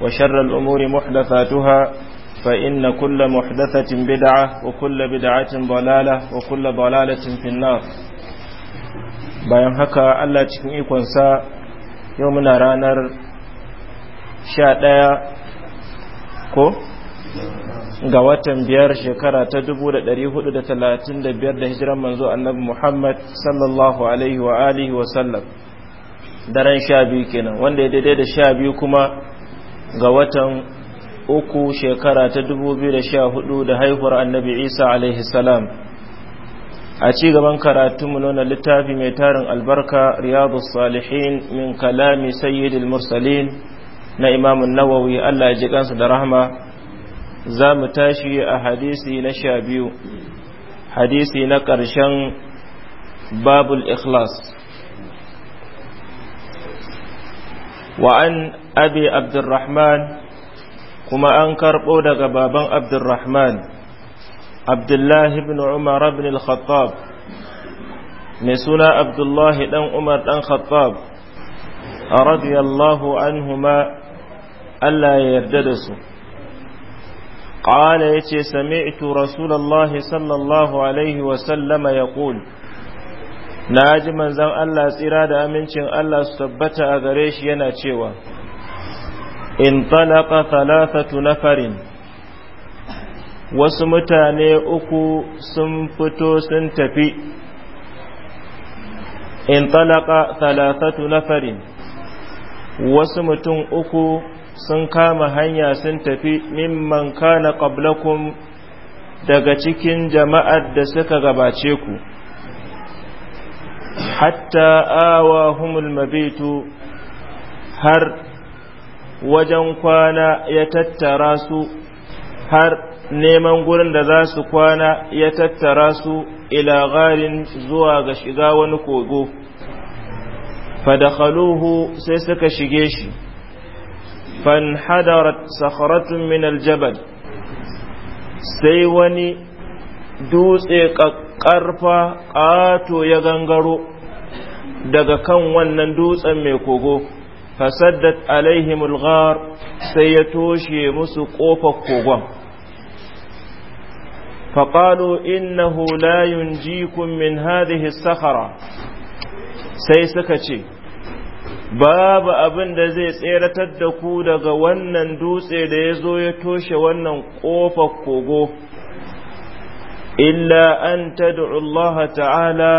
وشر الأمور محدثاتها فإن كل محدثة بدعة وكل بدعة ضلالة وكل ضلالة في النار bayan haka Allah cikin ikonsa yau muna ranar sha ɗaya ko ga watan biyar shekara ta dubu da ɗari hudu da talatin da biyar da hijiran manzo annabi Muhammad sallallahu alaihi wa alihi wa sallam daren sha biyu kenan wanda ya daidai da sha biyu kuma ga watan uku shekara ta 2014 da haihuwar annabi isa alaihi salam a ci gaban karatunmu nuna littafi mai tarin albarka riyadu salihin min kalami sayyidil mursalin na imamun nawawi allah ya ji kansa da rahama za mu tashi a hadisi na sha biyu hadisi na ƙarshen babul ikhlas وعن abi abdurrahman kuma an karɓo daga baban abdurrahman abdullahi ibn umar ibn al-khattab mai suna abdullahi ɗan umar dan khattab radiyallahu anhuma Allah ya yarda da su قال يتي sami'tu رسول الله صلى الله ya وسلم Na ji manzan Allah tsira da amincin Allah su tabbata a gare shi yana cewa انطلق ثلاثة نفر wasu mutane uku sun fito sun tafi in talaka talatatu nafarin wasu mutum uku sun kama hanya sun tafi mimman kana qablakum daga cikin jama'ar da suka gabace ku hatta awa humul mabitu har wajen kwana ya tattara su har neman gurin da za su kwana ya tattara su ila garin zuwa ga shiga wani kogo fadakhaluhu sai suka shige shi Fan fanhadarat sakharatun min aljabal sai wani dutse ƙarfa ƙato ya gangaro daga kan wannan dutsen mai kogo fasaddat alaihimul ghar sai ya toshe musu kofar kogon faƙalo innahu la yunjikum min hadhihi sakhara sai suka ce babu abin da zai tseratar da ku daga wannan dutse da ya zo ya toshe wannan ƙofar kogo illa an tad'u ta'ala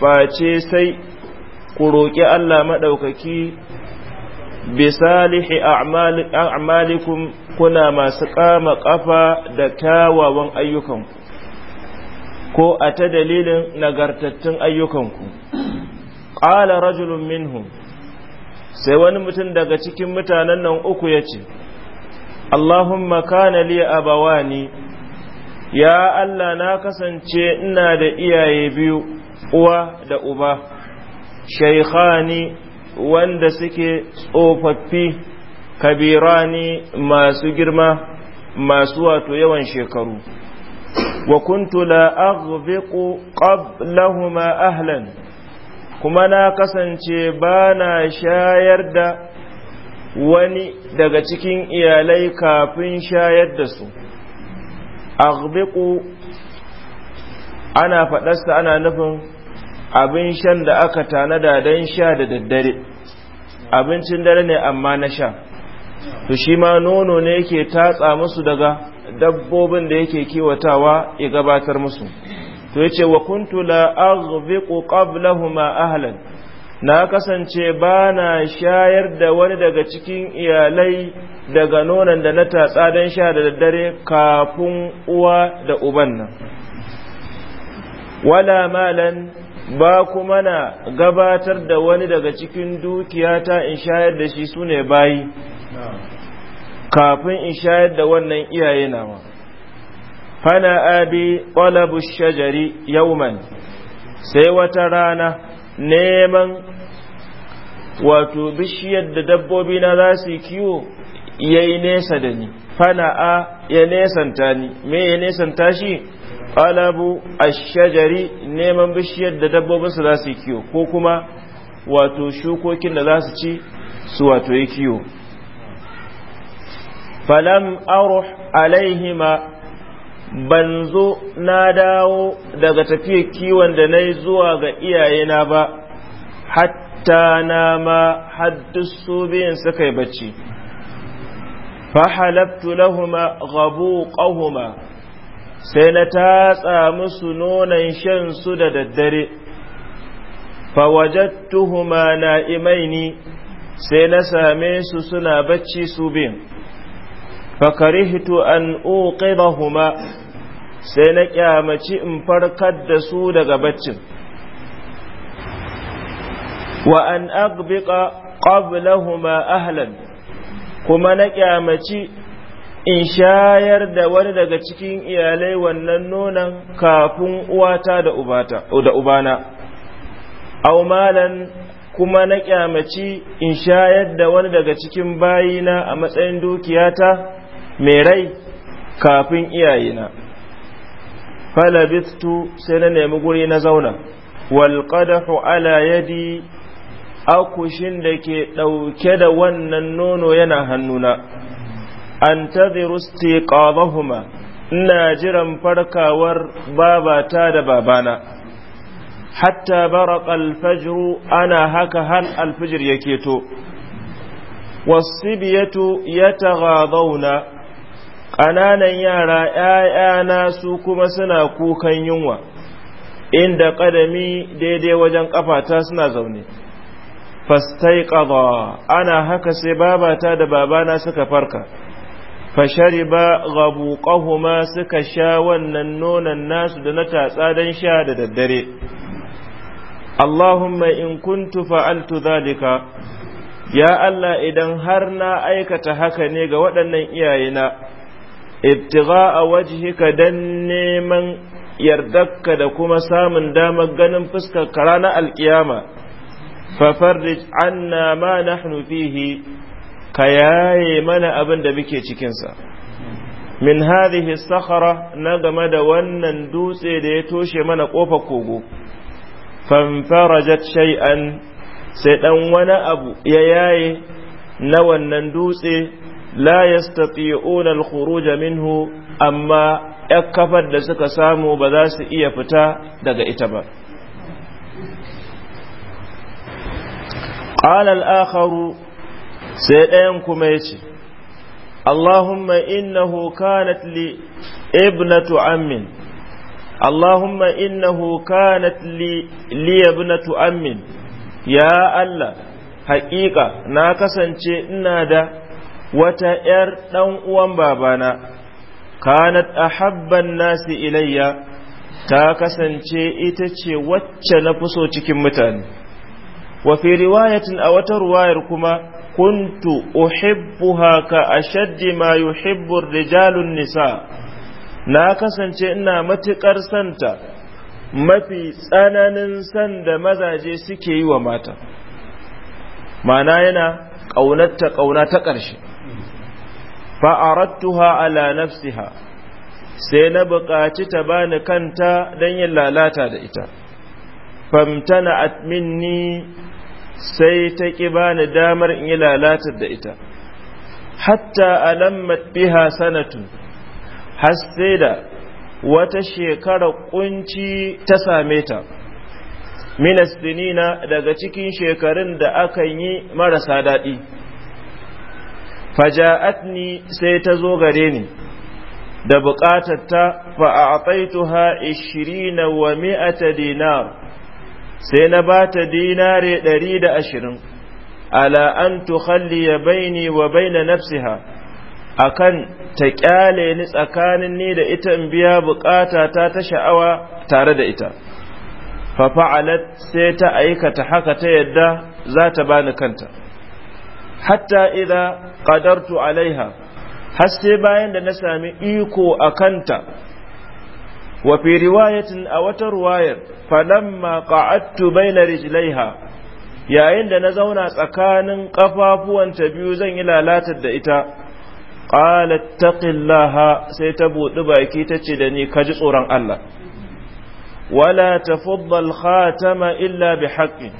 face sai ku roƙi Allah maɗaukaki bi salihi a'malikum kuna masu kama kafa da kyawawan ayyukanku ko a ta dalilin nagartattun ayyukanku qala rajulun minhum sai wani mutum daga cikin mutanen nan uku ya ce Allahumma kana li abawani ya Allah na kasance ina da iyaye biyu uwa da uba shaikhani wanda suke tsofaffi kabirani masu girma masu wato yawan shekaru wa kuntu la aghbiqu qablahuma ahlan kuma na kasance ba na shayar da wani daga cikin iyalai kafin shayar da su aghbiqu ana faɗarsa ana nufin abin shan da aka tanada don sha da daddare abincin dare ne amma na sha to shi ma nono ne yake tatsa musu daga dabbobin da yake kiwatawa ya gabatar musu to yace wa kuntu la aghfiqu qablahuma ahlan na kasance ba na shayar da wani daga cikin iyalai daga nonon da na tatsa don sha da daddare kafin uwa da uban nan wala malan ba kuma na gabatar da wani daga cikin dukiyata in shayar da shi su ne bayi kafin in shayar da wannan iyaye nawa fana abi ƙwalabu shajari yauman sai wata rana neman wato bishiyar da dabbobi na za su kiwo ya yi nesa da ni fana a ya nesanta ni me ya nesanta shi qalabu ash-shajari neman bishiyar da dabbobin su za kiyo ko kuma wato shukokin da zasu ci su wato yi kiyo falam aruh alaihima ban na dawo daga tafiye kiwon da na zuwa ga iyayena ba hatta na ma haddisu biyan suka yi bacci fahalabtu lahuma gabu ƙahuma sai na tatsa musu nonon shan su da daddare fawajattuhuma na'imaini sai na same su suna bacci su bin fakarihtu an uqidahuma sai na kyamaci in farkar da su daga baccin wa an aqbiqa qablahuma ahlan kuma na kyamaci in shayar da wani daga cikin iyalai wannan nonon kafin uwata da ubana au malan kuma na kyamaci in shayar da wani daga cikin bayina a matsayin dukiyata mai rai kafin iyayena falabistu sai na nemi guri na zauna walƙadahu ala yadi akushin da ke ɗauke da wannan nono yana hannuna an tadhiru istiqadahuma ina jiran farkawar babata da babana hatta baraka alfajru ana haka hal ya yake to wasibiyatu yataghadawna ƙananan yara ‘ya'yana su kuma suna kukan yunwa inda ƙadami daidai wajen ƙafata suna zaune fastai ana haka sai babata da babana suka farka fashariba gabuƙahuma suka sha wannan nonon nasu da na tatsa don sha da daddare Allahumma in kuntu fa'altu zalika ya Allah idan har na aikata haka ne ga waɗannan iyayena ibtigha a wajhika dan neman yardakka da kuma samun damar ganin fuskar kara na alkiyama fafarrij anna ma nahnu fihi ka yaye mana abin da muke cikinsa min hadhihi sakhara na game da wannan dutse da ya toshe mana kofar kogo fanfarajat shay'an sai dan wani abu ya yaye na wannan dutse la yastati'una al-khuruj minhu amma kafar da suka samu ba za su iya fita daga ita ba qala al-akharu sai ɗayan kuma ya ce Allahumma innahu kanat li ibnatu ammin Allahumma innahu kanat li ibnatu ammin ya Allah haƙiƙa na kasance ina da wata ‘yar ɗan uwan babana kanat habban nasi ilayya ta kasance ita ce wacce na fi so cikin mutane wa fi riwayatin a wata ruwayar kuma كنت أحبها كأشد ما يحب الرجال النساء kasance ina matuƙar santa, mafi tsananin san da mazaje suke yi wa mata mana yana ƙaunatta ƙauna ta ƙarshe fa'arattuha ala nafsiha sai na buƙaci ta bani kanta don yin lalata da ita famtana minni sai ta ƙi bani damar in yi lalatar da ita hatta alammat biha sanatun har sai da wata shekara kunci ta same ta minas dinina daga cikin shekarun da aka yi marasa daɗi faja'atni sai ta zo gare ni da buƙatar ta ha 20 wa mi'ata dinar sai na ba ta dinare ɗari da ashirin ala an ya baini wa baina nafsiha akan ta kyale ni tsakanin ni da ita in biya bukata ta ta sha'awa tare da ita fa fa'alat sai ta aikata haka ta yadda za ta bani kanta hatta idza qadartu alaiha har sai bayan da na sami iko a kanta wa fi a wata ruwayar falamma qa'adtu baina rijlaiha yayin da na zauna tsakanin kafafuwanta biyu zan yi lalatar da ita qalat taqillaha sai ta buɗi baki ta ce da ni ka ji tsoron Allah wala tafaddal khatama illa bi haƙƙi,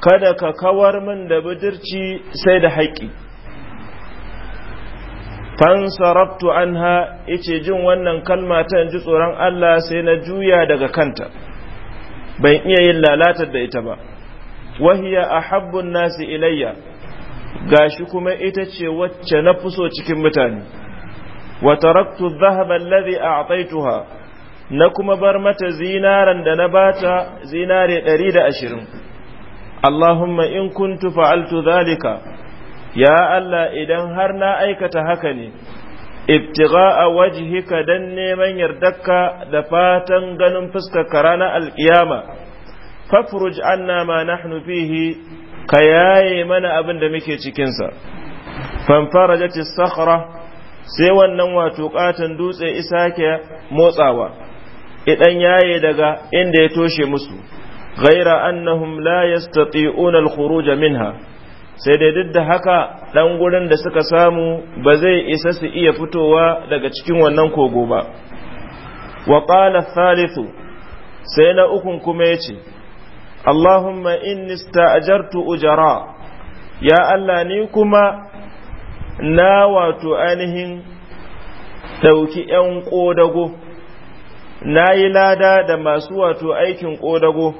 kada ka kawar min da budurci sai da haƙƙi fansarabtu anha ice jin wannan kalma ta ji tsoron Allah sai na juya daga kanta ban iya yin lalatar da ita ba wahiya ahabbun nasi ilayya gashi kuma ita ce wacce na fuso cikin mutane wa taraktu dhahaba alladhi a'taytuha na kuma bar mata zinaran da na bata zinare 120 Allahumma in kuntu fa'altu dhalika ya Allah idan har na aikata haka ne wajihi wajhika dan neman yardarka da fatan ganin fuska-kara fuskar ranar alkiyama fafruj anna ma nahnu fihi ka yaye mana abin da muke cikin sa fanfarajat as-sakhra sai wannan wato katon dutse isa ke motsawa idan yaye daga inda ya toshe musu ghaira annahum la yastati'una al minha sai dai duk da haka ɗan gurin da suka samu ba zai isa su iya fitowa daga cikin wannan kogo ba wa ƙala thalithu sai na ukun kuma ya ce allahumma inni sta'ajartu ujara ya allah ni kuma na wato ainihin ɗauki ‘yan ƙodago na yi lada da masu wato aikin ƙodago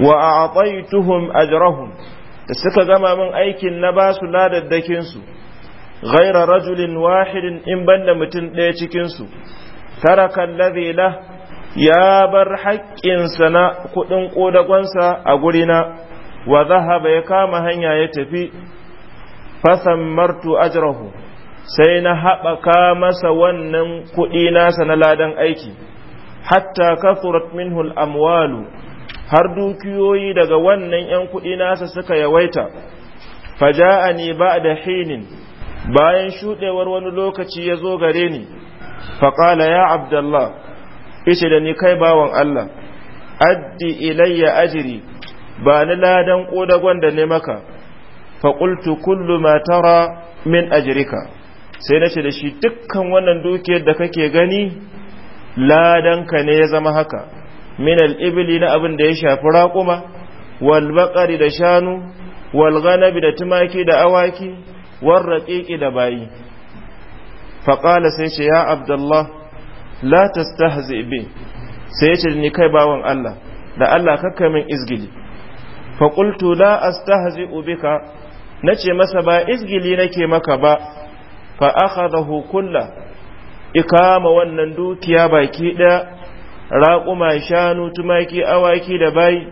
wa a ajrahum ajrahun da suka gama min aikin na ba su ladaddakinsu ghaira rajulin wahidin in banda mutum ɗaya su tarakan lazila ya bar haƙƙinsa na kuɗin ƙodagonsa a gurina wa zahaba ya kama hanya ya tafi fasammartu ajrahu sai na haɓaka masa wannan kuɗi nasa na ladan aiki hatta kasurat minhul amwalu har dukiyoyi daga wannan ‘yan kuɗi nasa suka yawaita, faja'ani ba da hinin bayan shuɗewar wani lokaci ya zo gare ni, faƙala ya Abdallah, ishe da ni kai bawan Allah, addi ilayya ajiri, ba ni ladan ƙodagon da ne maka, faƙultu kullu ma tara min ajirika. sai na ce da shi dukkan wannan dukiyar da kake gani ladanka ne ya zama haka min al'ibili na abin da ya shafi raƙuma wal baƙari da shanu wal ganabi da tumaki da awaki war raƙiƙi da bayi faƙala sai ce ya abdullah la tastahzi bi sai ce ni kai bawan Allah da Allah kakka min izgili a qultu la astahzi na nace masa ba izgili nake maka ba fa akhadahu kullu ikama wannan dukiya baki ɗaya. raƙuma shanu tumaki awaki da bai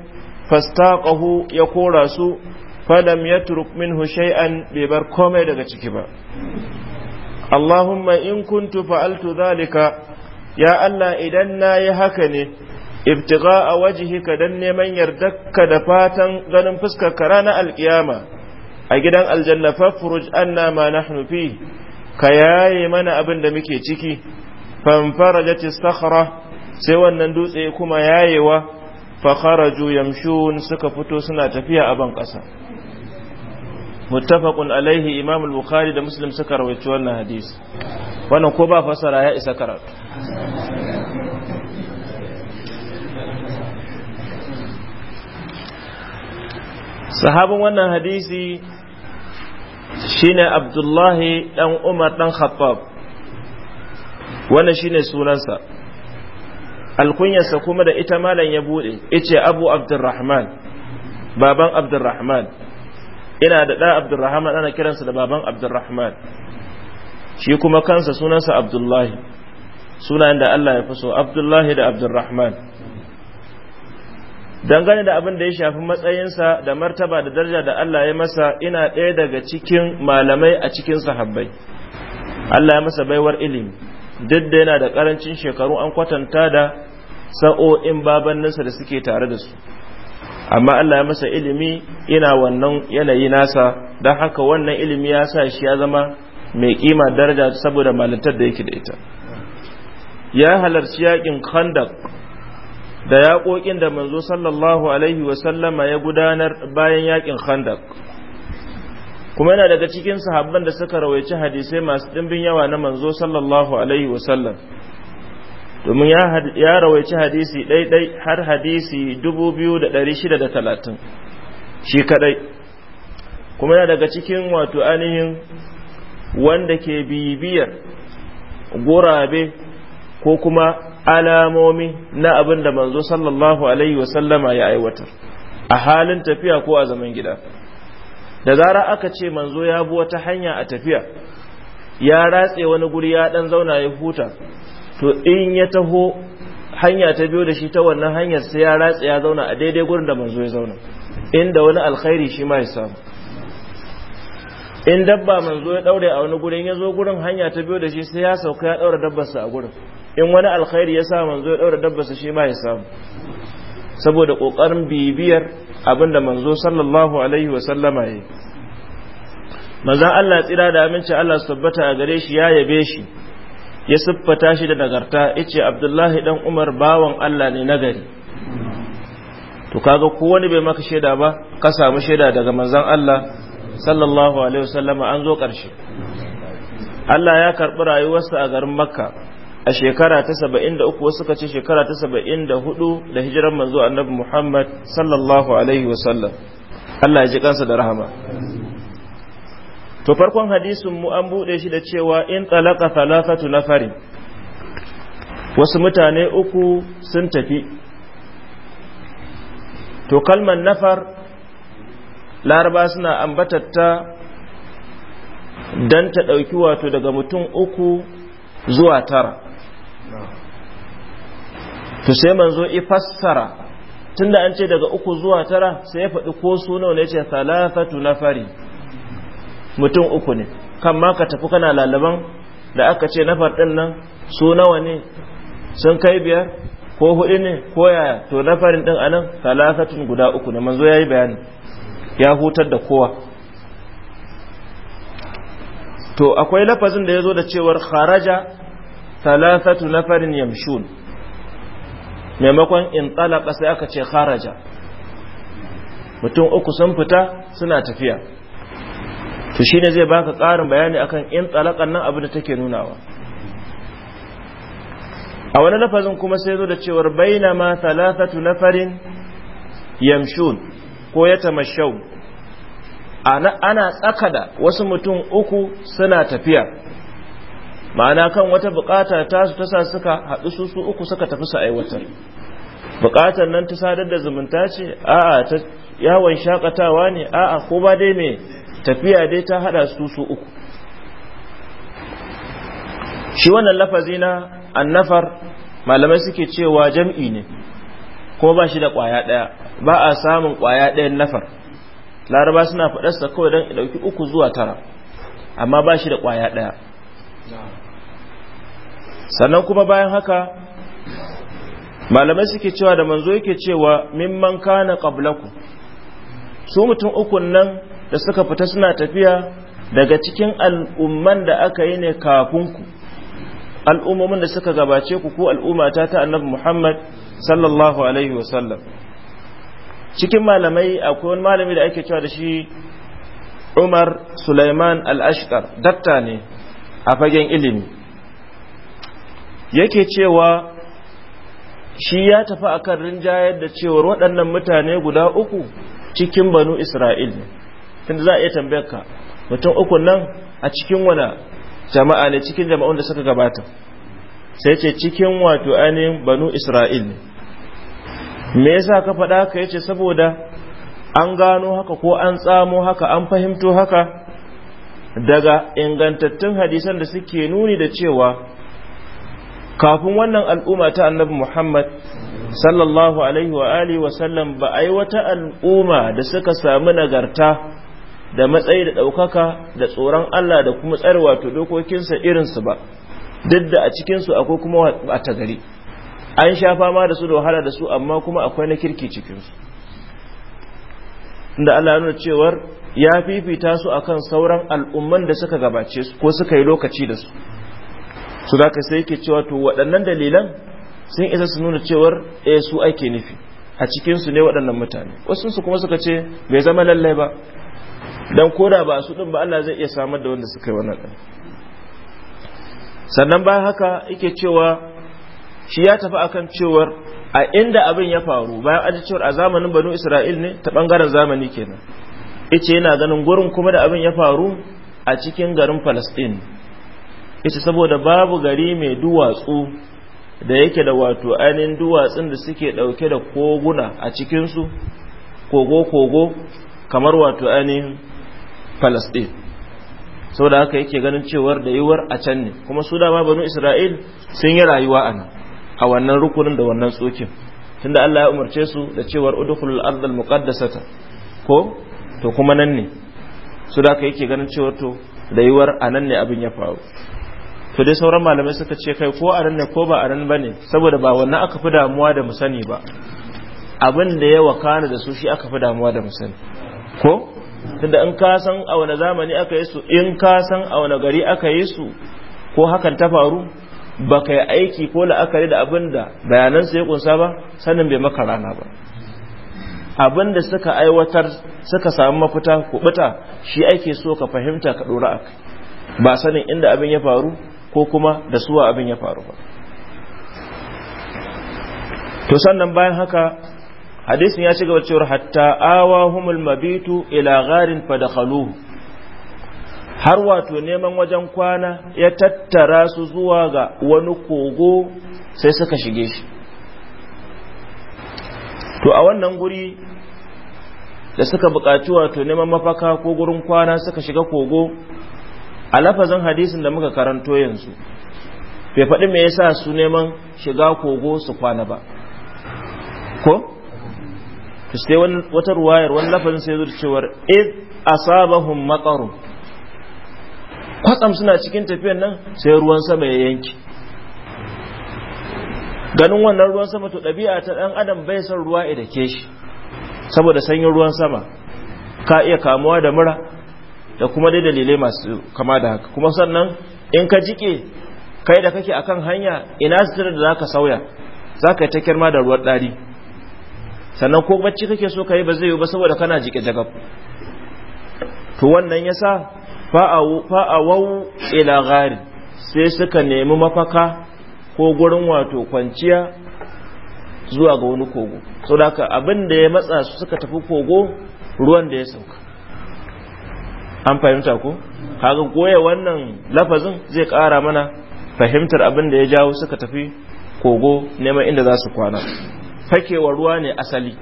fastaqahu ya kora su falam yatruk minhu shay'an bai bar komai daga ciki ba Allahumma in kuntu fa'altu zalika ya Allah idan nayi haka ne wajihi wajhika dan neman yardarka da fatan ganin fuskar ka ranar alkiyama a gidan aljanna fafruj anna ma nahnu fi ka yaye mana abin da muke ciki fanfarajat istakhra sai wannan dutse kuma yayewa fakharaju yamshun suka fito suna tafiya a ban ƙasa muttafaqun alaihi imam al-bukhari da muslim suka rawaito wannan hadisi wannan ko ba fasara ya isa karatu sahabin wannan hadisi shine abdullahi dan umar dan khattab wannan shine sunansa alkunyarsa kuma da ita malam ya bude ice abu abdurrahman baban abdurrahman ina da ɗa abdurrahman ana kiransa da baban abdurrahman shi kuma kansa sunansa abdullahi sunayen da Allah ya fi so abdullahi da abdurrahman dangane da abin da ya shafi matsayinsa da martaba da daraja da Allah ya masa ina ɗaya daga cikin malamai a cikin sahabbai Allah ya masa baiwar ilimi duk da yana da ƙarancin shekaru an kwatanta da sa'o'in babannansa da suke tare da su amma Allah ya masa ilimi ina wannan yanayi nasa don haka wannan ilimi ya sa shi ya zama mai kima daraja saboda malintar da yake da ita ya halarci yakin khandak da yaƙoƙin da manzo sallallahu alaihi wasallama ya gudanar bayan yakin khandak kuma yana daga cikin sahabban da suka rawaici hadisai masu ɗimbin yawa na manzo sallallahu alaihi wasallam domin ya rawaici hadisi ɗaiɗai har hadisi da shida 2630 shi kaɗai, kuma yana daga cikin wato anihin wanda ke bibiyar gurabe ko kuma alamomi na abinda manzo sallallahu alaihi wasallama ya aiwata, a halin tafiya ko a zaman gida da zara aka ce manzo ya bi wata hanya a tafiya ya ratse wani guri ya ɗan zauna ya huta to in ya taho hanya ta biyo da shi ta wannan hanyar sai ya ratsa ya zauna a daidai gurin da manzo ya zauna inda wani alkhairi shi ma ya samu in dabba manzo ya daure a wani gurin ya zo gurin hanya ta biyo da shi sai ya sauka ya daura dabbarsa a gurin in wani alkhairi ya sa manzo ya daura dabbarsa shi ma ya samu saboda kokarin bibiyar abinda manzo sallallahu alaihi wa sallama yayi manzo Allah tsira da aminci Allah su tabbata a gare shi ya yabe shi ya siffata shi da nagarta ce Abdullahi dan Umar bawan Allah ne nagari to kaga ko wani bai maka shaida ba ka samu shaida daga manzon Allah sallallahu alaihi wasallama an zo ƙarshe. Allah ya karɓi rayuwarsa a garin Makka a shekara ta saba'in uku wasu suka ce shekara ta hudu da hijiran manzo Annabi Muhammad sallallahu alaihi wasallam Allah ya ji kansa da rahama to farkon hadisin mu an bude shi da cewa in talaka thalathatu nafari wasu mutane uku sun tafi to kalman nafar laraba suna ambatatta don ta ɗauki wato daga mutum uku zuwa tara to sai manzo i tunda an ce daga uku zuwa tara sai ya faɗi ko suna nawa ne ce thalathatu nafari mutum uku ne kan ma ka tafi kana lalaban da aka ce na farɗin nan su nawa ne sun kai biyar ko hudu ne ko yaya to na farin ɗin anan talakatun guda uku ne manzo ya yi bayani ya hutar da kowa to akwai lafazin da ya zo da cewar kharaja na farin yamshun maimakon in talaka sai aka ce kharaja mutum uku sun fita suna tafiya to shine zai baka ƙarin bayani akan in tsalakan nan abin da take nunawa a wani lafazin kuma sai zo da cewar ma thalathatu nafarin yamshun ko ya tamashau ana tsakada wasu mutum uku suna tafiya ma'ana kan wata bukata ta su tasa suka haɗu su su uku suka tafi su aiwatar bukatar nan ta sadar da zumunta ce a'a ta yawon shakatawa ne a'a ko ba dai me tafiya dai ta hada su su uku shi wannan lafazi na annafar malamai suke cewa jam'i ne kuma ba shi da kwaya daya ba a samun kwaya dayan nafar laraba suna faɗarsa kawai don ɗauki uku zuwa tara amma ba shi da kwaya daya sannan kuma bayan haka malamai suke cewa da manzo yake cewa mimman kana qablakum su mutum ukun nan da suka fita suna tafiya daga cikin al'umman da aka yi ne kafin ku al'ummomin da suka gabace ku ko al'ummata ta annabi Muhammad sallallahu alaihi wasallam cikin malamai akwai wani malami da ake cewa da shi Umar Sulaiman al-Ashqar datta ne a fagen ilimi yake cewa shi ya tafi akan rinjayar da cewar waɗannan mutane guda uku cikin banu Isra'il tunda za a iya tambayar ka mutum uku nan a cikin wani jama'a ne cikin jama'un da suka gabata sai ce cikin wato ainihin banu isra'il ne me yasa ka faɗa ka yace saboda an gano haka ko an tsamo haka an fahimto haka daga ingantattun hadisan da suke nuni da cewa kafin wannan al'umma ta annabi Muhammad sallallahu alaihi wa alihi wa sallam ba ai wata al'umma da suka samu nagarta da matsayi da ɗaukaka da tsoron Allah da kuma tsar wato dokokinsa su ba duk da a cikinsu akwai kuma a tagari an sha fama da su da wahala da su amma kuma akwai na kirki cikinsu da Allah nuna cewar ya fifita su akan sauran al'umman da suka gabace su ko suka yi lokaci da su su da ka sai ke cewa to waɗannan dalilan sun isa su nuna cewar eh su ake nufi a cikinsu ne waɗannan mutane wasu su kuma suka ce bai zama lallai ba dan koda ba su din ba Allah zai iya samar da wanda suka yi wannan din sannan bayan haka yake cewa shi ya tafi akan cewar a inda abin ya faru bayan aji cewar a zamanin banu isra'il ne ta bangaren zamani kenan ice yana ganin gurin kuma da abin ya faru a cikin garin palestine yace saboda babu gari mai duwatsu da yake da wato ainihin duwatsun da suke ɗauke da koguna a cikinsu kogo-kogo kamar wato ainihin falastin saboda haka yake ganin cewar da yiwuwar a can ne kuma su ma banu isra'il sun yi rayuwa a nan a wannan rukunin da wannan tsokin tunda Allah ya umarce su da cewar udkhulul ardal muqaddasata ko to kuma nan ne su da yake ganin cewar to da yiwuwar a nan ne abin ya faru to dai sauran malamai suka ce kai ko a nan ne ko ba a nan bane saboda ba wannan aka fi damuwa da mu sani ba abin da ya wakana da su shi aka fi damuwa da mu sani ko tunda in ka san a wani zamani aka yi su in ka san a wani gari aka yi su ko hakan ta faru ba ka yi aiki ko la'akari da abin da bayanansa ya kunsa ba sannan bai maka rana ba abin da suka aiwatar suka samu mafita kubuta shi ake so ka fahimta ka ɗora aka ba sanin inda abin ya faru ko kuma da suwa abin ya faru ba to sannan bayan haka hadisin ya shiga cewar hatta awa humul mabitu ila gharin fadakhaluhu har wato neman wajen kwana ya tattara su zuwa ga wani kogo sai suka shige shi to a wannan guri da suka buƙaci wato neman mafaka ko gurin kwana suka shiga kogo a lafazin hadisin da muka karanto yanzu bai faɗi me yasa su neman shiga kogo su kwana ba ko to sai wata ruwayar wani lafazin sai zuwa cewar id asabahum maqaru kwatsam suna cikin tafiyan nan sai ruwan sama ya yanki ganin wannan ruwan sama to ɗabi'a ta ɗan adam bai son ruwa da ke shi saboda sanyin ruwan sama ka iya kamuwa da mura da kuma dai dalilai masu kama da haka kuma sannan in ka jike kai da kake akan hanya ina sitar da zaka sauya Za ka yi ta kirma da ruwan ɗari sannan ko bacci kake so ka yi ba zai yi ba saboda kana jike jagab to wannan yasa fa'awau ila gari sai suka nemi mafaka ko gurin wato kwanciya zuwa ga wani kogo so da abin da ya matsa su suka tafi kogo ruwan da ya sauka an fahimta ko kaga goya wannan lafazin zai kara mana fahimtar abin da ya jawo suka tafi kogo neman inda za su kwana fakewa ruwa ne asali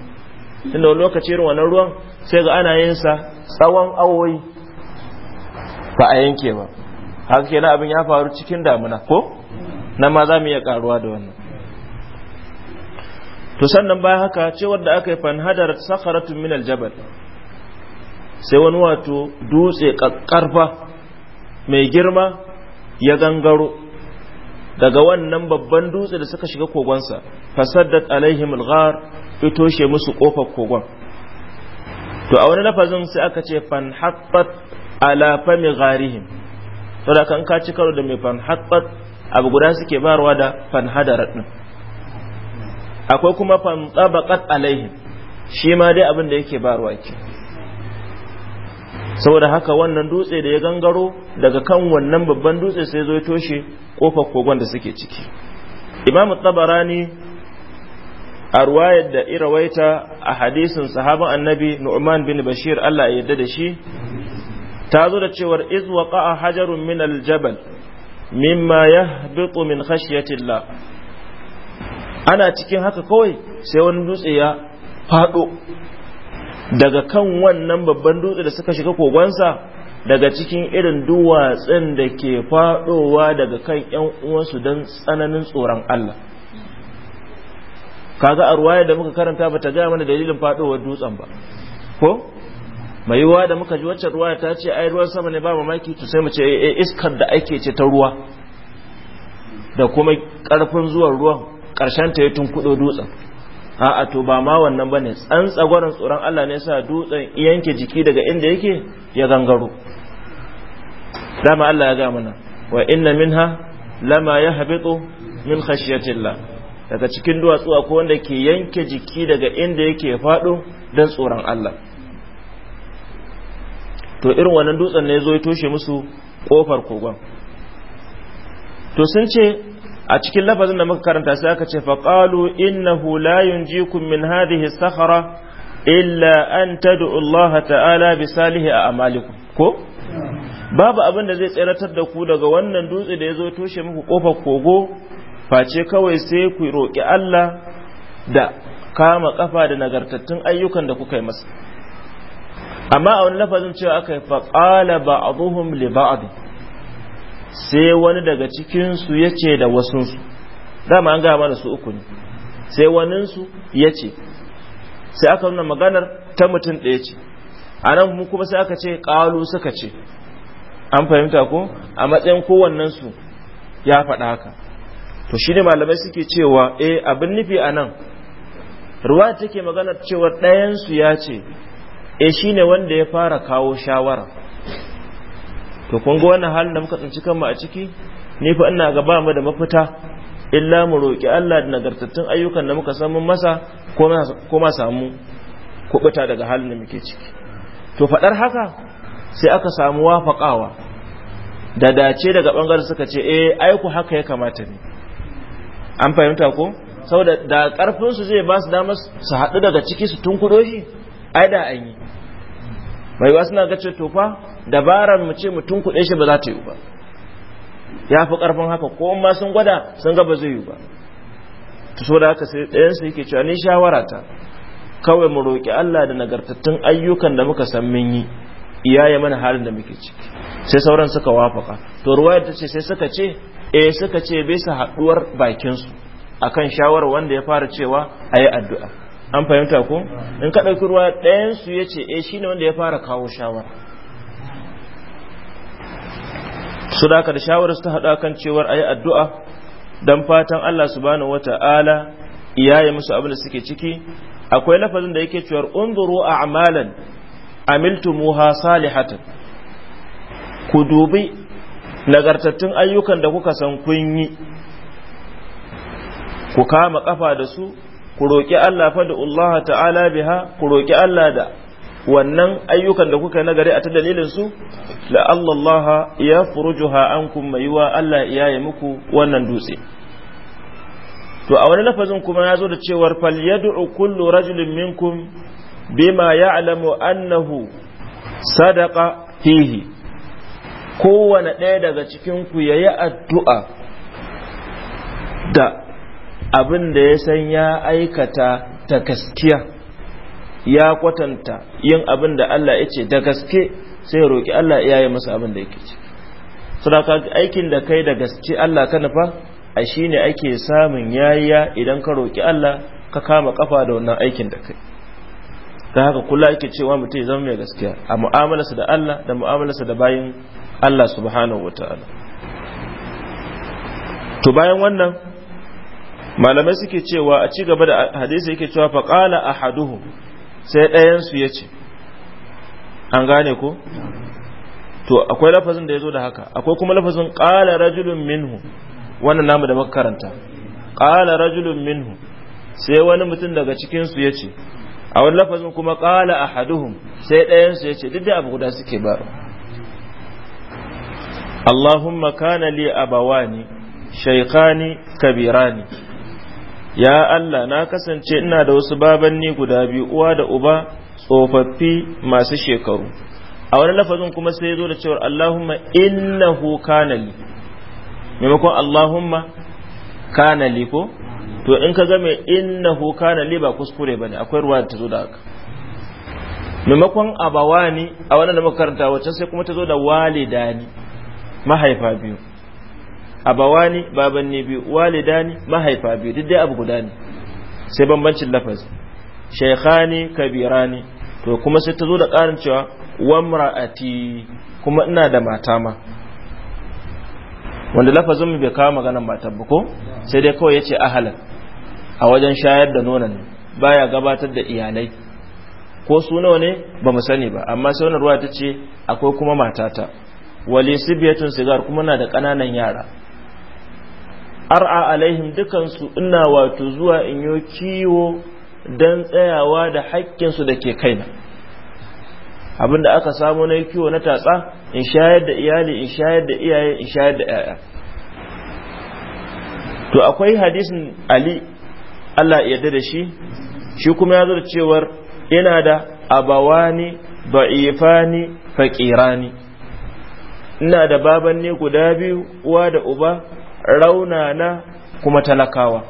tunda lokaci irin wannan ruwan sai ga ana yin sa tsawon awoyi ba a yanke ba haka kenan abin ya faru cikin damuna ko na ma za mu iya karuwa da wannan to sannan bayan haka cewar da aka yi fanhadar sakharatun minal jabal sai wani wato dutse ƙarfa mai girma ya gangaro daga wannan babban dutse da suka shiga kogonsa fasaddat alaihim alghar fito she musu kofar kogon to a wani lafazin sai aka ce fanhaqqat ala fami gharihim to da kan ka ci karo da mai fanhaqqat abu guda suke barwa da hadarat din akwai kuma fantabaqat alaihim shi ma dai abin da yake barwa ke saboda haka wannan dutse da ya gangaro daga kan wannan babban dutse sai zo toshe kofar kogon da suke ciki imamu tabarani a ruwayar da irawaita a hadisin sahaban annabi nu'man bin bashir Allah ya yarda da shi ta zo da cewar iz waqa'a hajarun min aljabal mimma yahbitu min khashyatillah ana cikin haka kawai sai wani dutse ya fado daga kan wannan babban dutse da suka shiga kogonsa daga cikin irin duwatsun da ke fadowa daga kan ‘yan uwansu don tsananin tsoron Allah kaga a ruwaya da muka karanta ba ta gaya mana dalilin fadowar dutsen ba ko mai yiwuwa da muka ji waccan ruwa ta ce ai ruwan sama ne ba mamaki to sai mu ce eh, iskar da ake ce ta ruwa da kuma karfin zuwan ruwan karshen ta ya tunkudo dutsen a'a to ba ma wannan bane gwarin tsoron Allah ne sa dutsen yanke jiki daga inda yake ya gangaro dama Allah ya ga mana wa inna minha lama yahbitu min khashyatillah daga cikin duwatsu ko wanda ke yanke jiki daga inda yake faɗo don tsoron Allah to irin wannan dutsen ne ya zo ya toshe musu kofar kogon to sun ce a cikin lafazin da muka karanta sai aka ce faqalu innahu la yunjikum min hadhihi sakhara illa an tad'u Allah ta'ala bi salihi a amalikum ko babu abin da zai tseratar da ku daga wannan dutse da yazo toshe muku kofar kogo face kawai sai ku roki Allah da kama kafa da nagartattun ayyukan da kuka yi masa amma a wani lafazin cewa aka yi faqala ba'dhum li ba'd sai wani daga cikinsu ya ce da wasunsu dama an gama mana su uku ne sai waninsu ya ce sai aka nuna maganar ta mutum ɗaya ce a nan kuma sai aka ce ƙalu suka ce an fahimta ko a matsayin kowannensu ya faɗa haka to shi malamai suke cewa eh abin nufi a nan ruwa take maganar cewa ɗayansu ya ce eh shi ne wanda ya fara kawo shawara to kun ga wannan halin da muka tsinci kanmu a ciki ni fa ina ga ba mu da mafita illa mu roki Allah da nagartattun ayyukan da muka samu masa ko ma samu kubuta daga halin da muke ciki to faɗar haka sai aka samu wafakawa da dace daga ɓangaren suka ce eh aiku haka ya kamata ne an fahimta ko saboda da ƙarfinsu zai ba su damar su haɗu daga ciki su tunkuɗo shi ai da an yi mai wasu na gace tofa dabarar mu ce mutum kuɗe shi ba za ta yi ba ya fi ƙarfin haka ko ma sun gwada sun ga ba zai yi ba ta so da haka sai su yake cewa ni shawara ta kawai mu roƙi Allah da nagartattun ayyukan da muka san mun yi iyaye mana halin da muke ciki sai sauran suka wafaka to ruwayar ta ce sai suka ce eh suka ce bisa haɗuwar bakinsu akan shawarar wanda ya fara cewa a yi addu'a an fahimta ko in ka ɗauki ruwa ɗayansu ya ce eh shine wanda ya fara kawo shawara su da aka da shawarar su ta haɗu kan cewar a yi addu'a don fatan Allah Su subhanahu wata'ala iyaye musu abin da suke ciki akwai lafazin da yake cewar unzuru a amalan amiltumuha salihatan ku dubi nagartattun ayyukan da kuka san kun yi ku kama kafa da su ku roƙi Allah fa da Allah ta'ala biha ku roƙi Allah da wannan ayyukan da kuka nagari a ta dalilin su la Allah ya furujuha ankum mai wa Allah ya yi muku wannan dutse to a wani lafazin kuma ya zo da cewar fal yad'u kullu rajulin minkum bima ya'lamu annahu sadaqa fihi kowane ɗaya daga cikin ku yayi addu'a da abin da ya san ya aikata ta gaskiya ya kwatanta yin abin da Allah ya ce da gaske sai roƙi Allah ya yi masa abin da yake ce sadaka aikin da kai da gaske Allah ka nufa a shi ne ake samun yayya idan ka roƙi Allah ka kama kafa da wannan aikin da kai ta haka kula ake cewa mutum ya zama mai gaskiya a mu'amalarsa da Allah da mu'amalarsa da bayin Allah subhanahu ta'ala to bayan wannan malamai suke cewa a ci gaba da hadisi yake cewa fa qala haduhu sai ɗayan su yace an gane ko to akwai lafazin da yazo da haka akwai kuma lafazin ƙala rajulun minhu wannan namu da muka karanta qala rajulun minhu sai wani mutum daga cikin su yace a wani lafazin kuma qala ahaduhum sai ɗayan su yace duk da abu guda suke ba Allahumma kana li abawani shaykhani kabirani ya Allah na kasance ina da wasu babanni guda biyu uwa da uba tsofaffi masu shekaru a wani lafazin kuma sai zo da cewar Allahumma innahu kana li maimakon Allahumma kana ko to in ka ga mai innahu kana li ba kuskure bane akwai ruwa ta zo da haka maimakon abawani a wannan da makaranta wacce sai kuma ta zo da walidani mahaifa biyu abawani babanni biyu walidani mahaifa biyu duk dai abu guda ne sai bambancin lafazi shaykhani kabirani to kuma sai ta zo da ƙarin cewa wamra'ati kuma ina da mata ma wanda lafazin mu bai kawo maganar matar ba ko sai dai kawai yace ahalan a wajen shayar da nonon baya gabatar da iyalai ko su nawa ne ba mu sani ba amma sai wannan ruwa ta ce akwai kuma matata wali sibiyatun sigar kuma na da ƙananan yara ar'a alaihim dukansu ina wato zuwa in yo kiwo don tsayawa da haƙƙinsu da ke kaina da aka samu na kiwo na tatsa in shayar da iyali in shayar da iyaye in shayar da 'ya'ya to akwai hadisin ali allah yarda da shi shi kuma ya da cewar ina da abawani ba'ifani faƙirani ina da babanni guda biyu uwa da uba rauna na kuma talakawa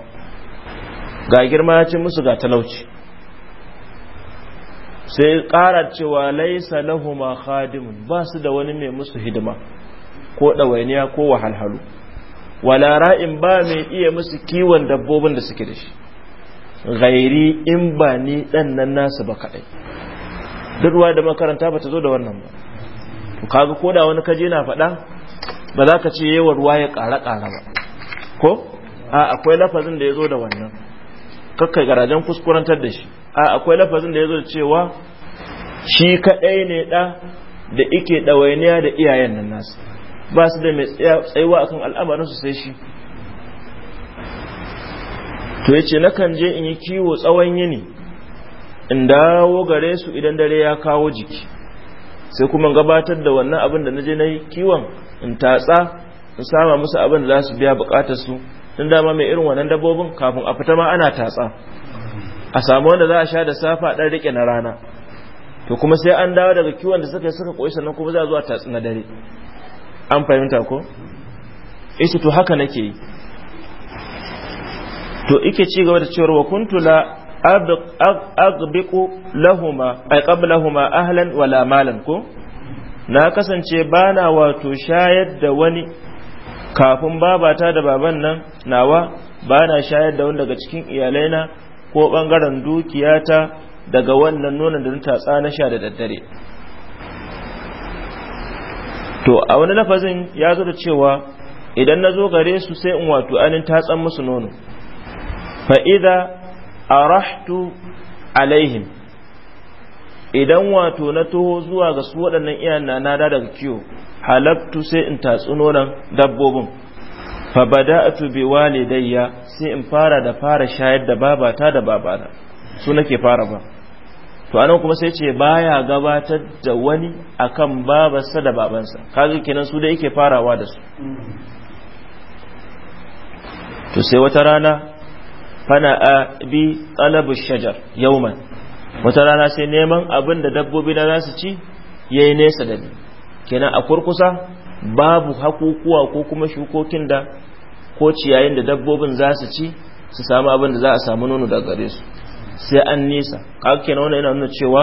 ga girma ya ce musu ga talauci sai ƙara cewa laisa lahuma khadimun ba su da wani mai musu hidima ko ɗawainiya ko wahalhalu wala ra'in ba mai iya musu kiwon dabbobin da suke da shi gairi in ba ni ɗan nan nasu ba kaɗai duk ruwa da makaranta ba ta zo da wannan ba kaga ko da wani kaji na faɗa ba za ka ce yawan ruwa ya ƙara ƙara ba ko a akwai lafazin da ya zo da wannan kakkai garajen kuskurantar da shi a akwai lafazin da ya zo da cewa shi kaɗai ne ɗa da ike ɗawainiya da iyayen nan nasu ba su da mai tsayuwa akan su sai shi to ya ce nakan je in yi kiwo tsawon yini in dawo gare su idan dare ya kawo jiki sai kuma gabatar da wannan abin da na je na yi kiwon in tatsa in sama musu abin da za su biya bukatar su tun dama mai irin wannan dabbobin kafin a fita ma ana tatsa a samu wanda za a sha da safa dan rike na rana to kuma sai an dawo daga kiwon da suka suka koyi sannan kuma za a zuwa tatsi na dare an fahimta ko ishi to haka nake yi to ike ci gaba da cewa wa kuntula agbiqu lahuma ay qablahuma ahlan wala malan ko na kasance bana wato shayar da wani kafin babata da baban nan nawa bana shayar da wani daga cikin iyalaina ko bangaren dukiyata daga wannan nonon da na tsana sha da daddare to a wani lafazin ya zo da cewa idan na zo gare su sai in wato anin tatsan musu nono fa'ida. arahtu alaihim idan wato na taho zuwa ga su waɗannan iyayen na nada daga kiwo halattu sai in tatsuno nan dabbobin fa bada'tu bi walidayya sai in fara da fara shayar da babata da babana su nake fara ba to anan kuma sai ce baya gabatar da wani akan babarsa da babansa kaga kenan su da yake farawa da su to sai wata rana fana a bi tsalabu shajar yauman wata rana sai neman abin da dabbobi na za su ci ya yi nesa da ni kenan a kurkusa babu hakukuwa ko kuma shukokin da ko ciyayin da dabbobin za su ci su samu abin da za a samu nono daga gare su sai an nisa kaga kenan wannan yana nuna cewa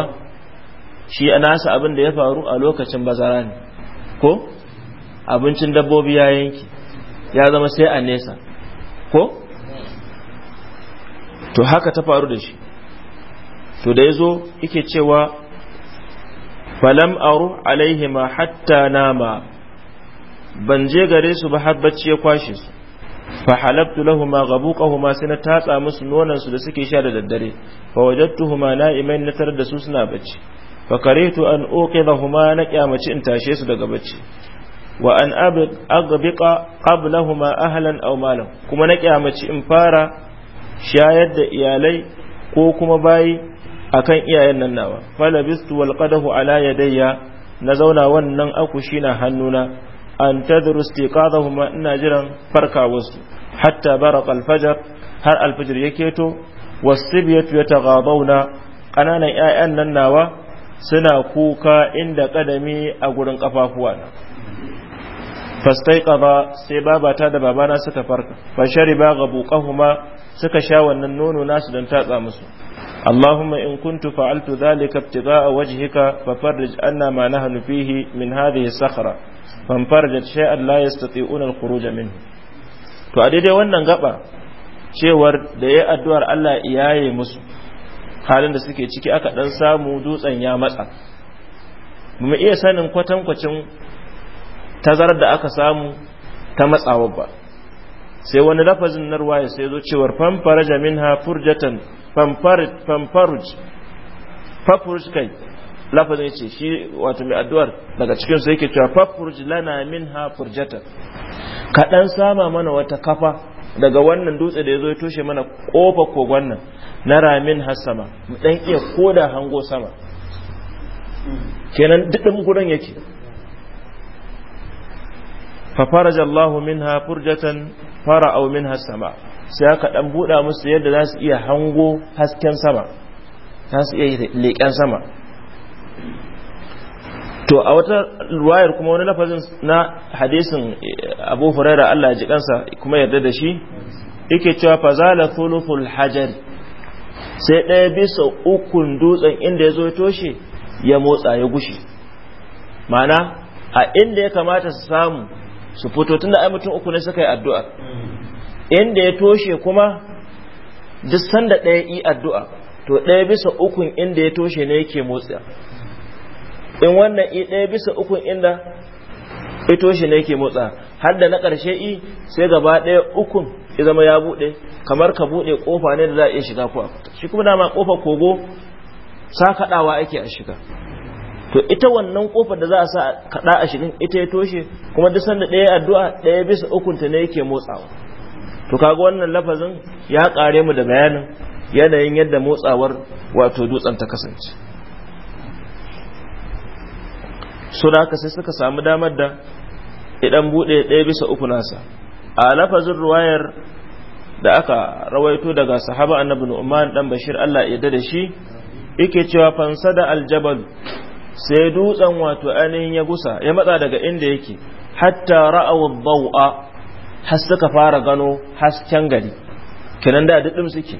shi a nasa abin da ya faru a lokacin bazara ne ko abincin dabbobi ya yanki ya zama sai a nesa ko to haka ta faru da shi to da ya zo yake cewa falam aru alaihima hatta nama ban je gare su ba har bacci ya kwashe su fa halabtu lahumu ghabuqahuma sai na tatsa musu nonan su da suke sha da daddare fa wajadtuhuma na'imain na tarar da su suna bacci fa karihtu an uqidahuma na kyamaci in tashe su daga bacci wa an aghbiqa qablahuma ahlan aw malan kuma na kyamaci in fara shayar da iyalai ko kuma bayi akan iyayen nan nawa falabistu wal qadahu ala yadayya na zauna wannan akushi na hannuna an tadru istiqadahuma ina jiran farkawarsu hatta baraka alfajar har alfajir ya keto wasibiyatu yataghadawna kananan iyayen nan nawa suna kuka inda kadami a gurin kafafuwa na fastaiqaba sai babata da babana suka farka fashariba gabuqahuma suka sha wannan nono nasu don tatsa musu Allahumma in kuntu fa'altu dhalika ibtigha'a wajhika farrij anna ma nahnu fihi min hadhihi sakhra fanfarjat shay'an la yastati'una al-khuruj minhu to a daidai wannan gaba cewar da yayi addu'ar Allah iyaye musu halin da suke ciki aka dan samu dutsen ya matsa mu iya sanin kwatankwacin tazarar da aka samu ta matsawa ba sai wani lafazin na ruwa sai zo cewar famfaraja minha furjatan famfaruj fafuruj kai lafazin ce shi wato mai addu'ar daga cikin su yake cewa fafuruj lana minha furjatan kaɗan sama mana wata kafa daga wannan dutse da ya zo ya toshe mana ƙofa kogon nan na ramin hasama mu ɗan iya koda hango sama kenan duk gudan yake fa faraja Allah minha furjatan fara'u minha sama sai aka dan buda musu yadda za su iya hango hasken sama za su iya leƙen sama to a wata ruwayar kuma wani lafazin na hadisin eh, Abu Hurairah Allah ya ji kansa kuma yarda da shi yake cewa fa zala thuluthul hajar sai ɗaya bisa ukun dutsen inda ya zo ya toshe ya motsa ya gushe ma'ana a inda ya kamata su samu su fito da ai mutum uku ne suka yi addu'a inda ya toshe kuma duk sanda ɗaya yi addu'a to ɗaya bisa ukun inda ya toshe ne yake motsa in wannan i ɗaya bisa ukun inda ya toshe ne yake motsa har da na ƙarshe i sai gaba ɗaya ukun ya zama ya buɗe kamar ka buɗe ƙofa ne da za a iya shiga ko shi kuma dama ƙofa kogo sa sakaɗawa ake a shiga to ita wannan kofar da za a sa kada a shirin ita ya toshe kuma duk sanda ɗaya addu'a ɗaya bisa ukunta ne yake motsawa to kaga wannan lafazin ya kare mu da bayanin yanayin yadda motsawar wato dutsen ta kasance so da haka sai suka samu damar da idan buɗe ɗaya bisa uku nasa a lafazin ruwayar da aka rawaito daga sahaba annabi Umar dan Bashir Allah ya yarda da shi yake cewa fansa da aljabal sai dutsen wato ainihin ya gusa ya matsa daga inda yake hatta ra'awu daw'a har suka fara gano hasken gari kinan da duddum suke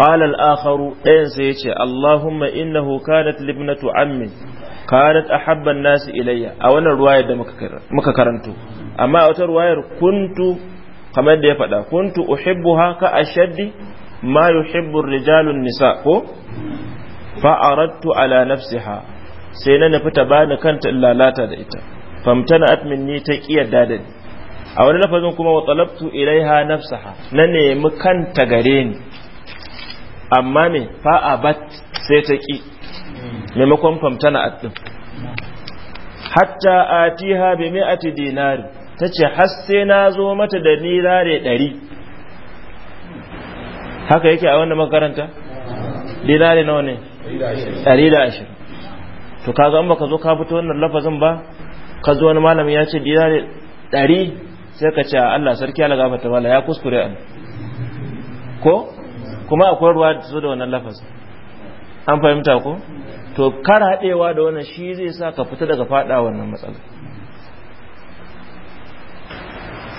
qala al-akharu ɗayan sai yace Allahumma innahu kanat libnatu ammi kanat ahabba an-nas ilayya a wannan ruwayar da muka karanto amma a wata ruwayar kuntu kamar da ya faɗa kuntu uhibbuha ka ashaddi ma yuhibbu ar-rijalu nisa ko fa'arattu ala nafsiha sai na nufi ta bani kanta in lalata da ita famtana atmin ni ta kiyar da ni a wani lafazin kuma wa talabtu ilaiha nafsaha na nemi kanta gare ni amma me fa'abat sai ta ki maimakon famtana atmin Hatta hatta atiha bi mi'ati dinari tace har sai na zo mata da ni zare 100 haka yake a wannan makaranta Dinari nawa ne 120 to kaga an baka zo ka fito wannan lafazin ba ka zo wani malami ya ce dinari 100 sai ka ce Allah sarki Allah gafarta mala ya kuskure an ko kuma akwai ruwa da zo da wannan lafazin an fahimta ko to kar haɗewa da wannan shi zai sa ka fita daga faɗa wannan matsala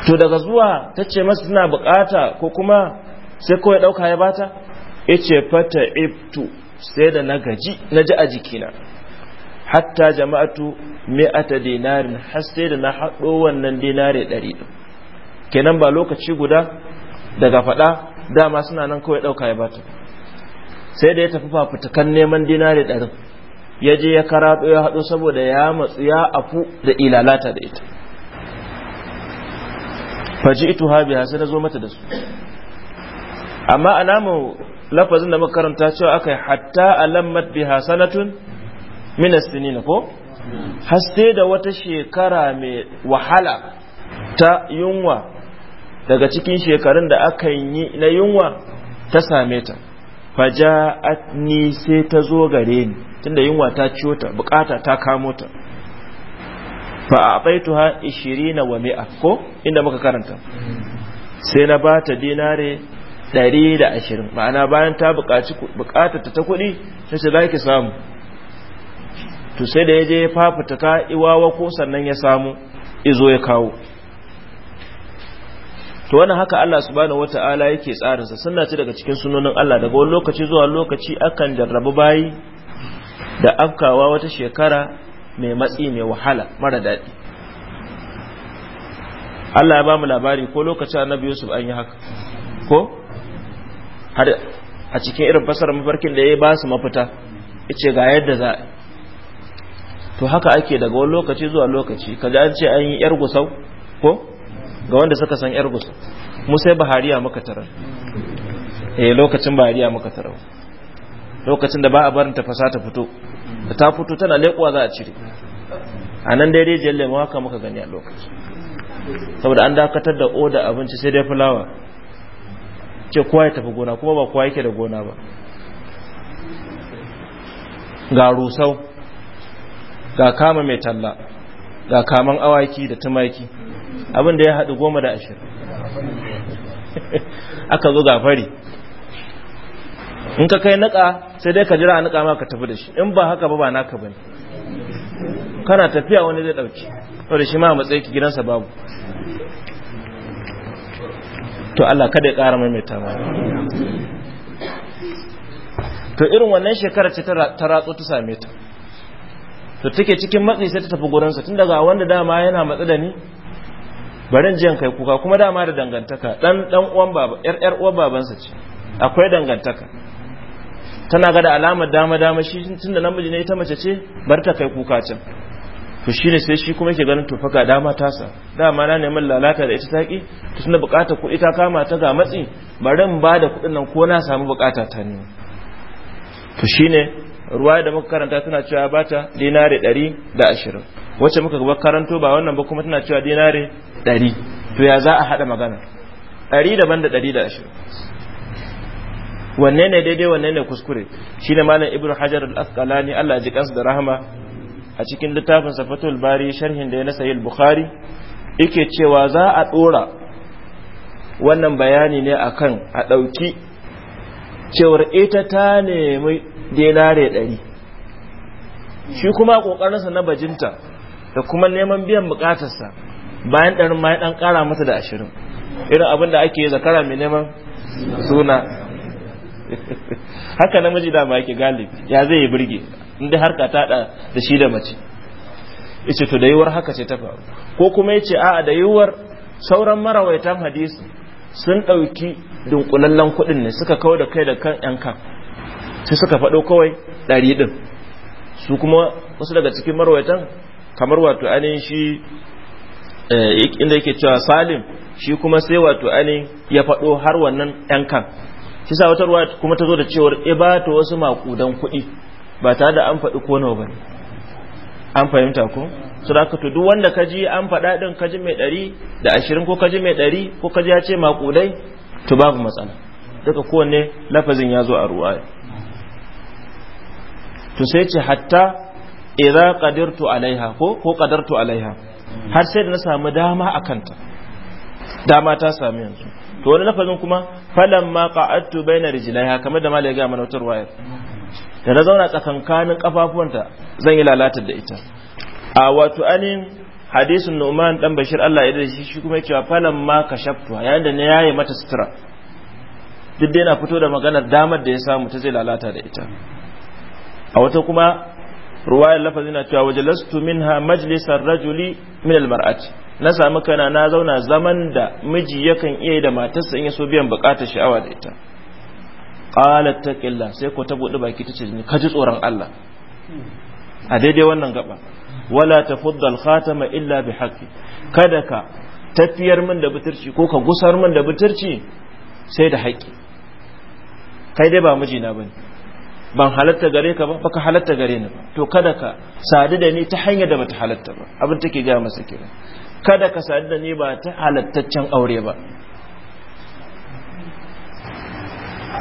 to daga zuwa ta ce masa suna bukata ko kuma sai kawai ɗauka ya bata ya ce fata iftu sai da na gaji na ji a jikina hatta jama'atu mi'ata dinarin har sai da na haɗo wannan dinare ɗari kenan ba lokaci guda daga faɗa dama suna nan kawai ɗauka ya bata sai da ya tafi fafutukan neman dinare ɗari ya je ya karaɗo ya haɗo saboda ya matsu ya afu da ilalata da ita faji ito habi sai na zo mata da su amma a lafazin da muka karanta cewa aka yi hatta alammat biha sanatun min as-sinin ko sai da wata shekara mai wahala ta yunwa daga cikin shekarun da aka yi na yunwa ta same ta ni sai ta zo gare ni tunda yunwa ta ciyo ta bukata ta kamo ta fa a ha 20 wa mi'a ko inda muka karanta sai na bata dinare ɗari da ashirin ma'ana bayan ta buƙatar ta kuɗi ta ce za ki samu to sai da ya je ya fafuta ka iwawa ko sannan ya samu izo ya kawo to wani haka Allah subhanahu wata'ala yake tsarinsa sunna ce daga cikin sunonin Allah daga wani lokaci zuwa lokaci akan jarrabu bayi da afkawa wata shekara mai matsi mai wahala mara daɗi Allah ya ba mu labari ko lokacin annabi Yusuf an yi haka ko har a cikin irin fasar mafarkin da ya ba su mafita ya ce ga yadda za to haka ake daga wani lokaci zuwa lokaci ka an ce an yi yar gusau ko ga wanda suka san yar gusau mu sai bahariya muka tarar eh lokacin bahariya muka tarar lokacin da ba a barin ta fasa ta fito da ta fito tana lekuwa za a cire a nan daidai jiyar lemu haka muka gani a lokaci saboda an dakatar da oda abinci sai dai fulawa ce kowa ya tafi gona kuma ba kowa yake da gona ba ga rusau ga kama mai talla ga kaman awaki da tumaki abin ya haɗu goma da ashirin aka zo ga fari in ka kai niƙa sai dai ka jira a niƙa ma ka tafi da shi in ba haka ba ba naka bane kana tafiya wani zai ɗauki wadda shi ma a matsayi gidansa babu to Allah kada ya ƙara maimaita mana to irin wannan shekarar ce ta ratso ta same ta to take cikin matsi sai ta tafi gurinsa tun daga wanda dama yana matsa da ni barin jiyan kai kuka kuma dama da dangantaka dan dan uwan baba yar yar uwan babansa ce akwai dangantaka tana ga da alamar dama dama shi tunda namiji ne ita mace ce bar ta kai kuka can to shine sai shi kuma yake ganin to ga dama tasa dama na neman lalata da ita taki to suna bukatar kuɗi ta kama ta ga matsi bari in ba da kuɗin nan ko na samu bukata ta ne to shine ruwa da muka karanta tana cewa bata dinare 120 wacce muka gaba karanto ba wannan ba kuma tana cewa dinare 100 to ya za a hada magana 100 daban da 120 wanne ne daidai wanne ne kuskure shine malam ibnu hajar al-asqalani Allah ya ji kansa da rahama a cikin littafin safatul bari sharhin da ya na sahih bukhari yake cewa za a dora wannan bayani ne akan a dauki cewar ita ta nemi dinare ɗari. shi kuma ƙoƙarinsa na bajinta da kuma neman biyan bukatarsa bayan ɗarin ma ya ɗan ƙara mata da ashirin irin abin da ake yi zakara mai neman suna haka namiji da ma yake galibi ya zai yi birge inda ka taɗa da shi da mace yace to da yiwuwar haka ce ta faru ko kuma yace a'a da yiwuwar sauran marawaitan hadisi sun ɗauki dunkulallen kuɗin ne suka kawo da kai da kan yan kan sai suka faɗo kawai ɗari ɗin su kuma wasu daga cikin marawaitan kamar wato anin shi eh, inda yake cewa salim shi kuma sai wato anin ya faɗo har wannan yan kan shi sa wata ruwa kuma ta zo da cewar ibata eh, wasu makudan kuɗi ba tare da an faɗi ko nawa bane an fahimta ko su da to duk wanda kaji an faɗa ɗin kaji mai ɗari da ashirin ko kaji mai ɗari ko kaji ya ce maƙudai to babu matsala duka kowanne lafazin ya zo a ruwaya to sai ce hatta idza qadirtu alaiha ko ko qadartu alaiha har sai da na samu dama a kanta dama ta sami yanzu to wani lafazin kuma falamma qa'adtu baina rijlaiha kamar da malai ga mana wata ruwayar da na zauna tsakankanin kafafuwanta zan yi lalatar da ita a wato anin hadisin nu'man dan bashir Allah ya dace shi kuma yake falan ma kashaftu yayin da na yaye mata sutura duk dai na fito da maganar damar da ya samu ta zai lalata da ita a wata kuma ruwayar lafazin na cewa wajalastu minha majlisar rajuli min almar'ati na samu kana na zauna zaman da miji yakan iya yi da matarsa in ya so biyan bukatar sha'awa da ita qalat taqilla sai ko ta bude baki tace ka ji tsoron Allah a daidai wannan gaba wala tafudda khatama illa bihaqqi kada ka tafiyar min da butirci ko ka gusar min da butirci sai da haƙƙi kai dai ba mijina bane ban halatta gare ka ba baka halatta gare ni ba to kada ka sadu da ni ta hanyar da bata halatta ba abin take ga masa kira kada ka sadu da ni ba ta halattaccen aure ba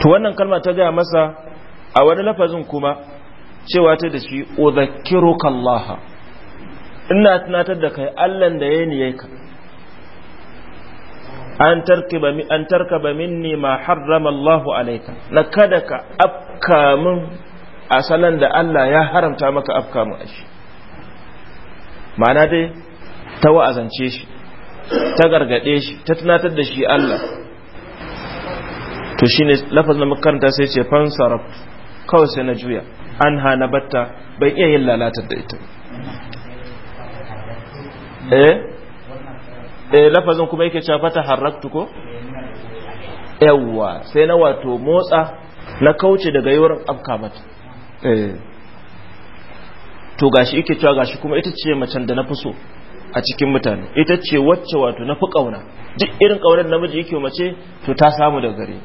to wannan kalma ta gaya masa a wani lafazin kuma cewa ta da shi udhakkiruka Allah ina tunatar da kai Allah da yayi ne ka an tarkiba mi an tarkaba minni ma harrama Allah alayka na kada ka afka min asalan da Allah ya haramta maka afka min shi. ma'ana dai ta wa'azance shi ta gargade shi ta tunatar da shi Allah to shine lafazin makaranta sai ce fansaraf kawai sai na juya an hana batta bai iya yin lalatar da ita eh eh lafazin kuma yake cewa fata harraktu ko yawwa sai na wato motsa na kauce daga yawar afka mata eh to gashi yake cewa gashi kuma ita ce macen da na fi so a cikin mutane ita ce wacce wato na fi ƙauna duk irin ƙaunar namiji yake mace to ta samu daga gare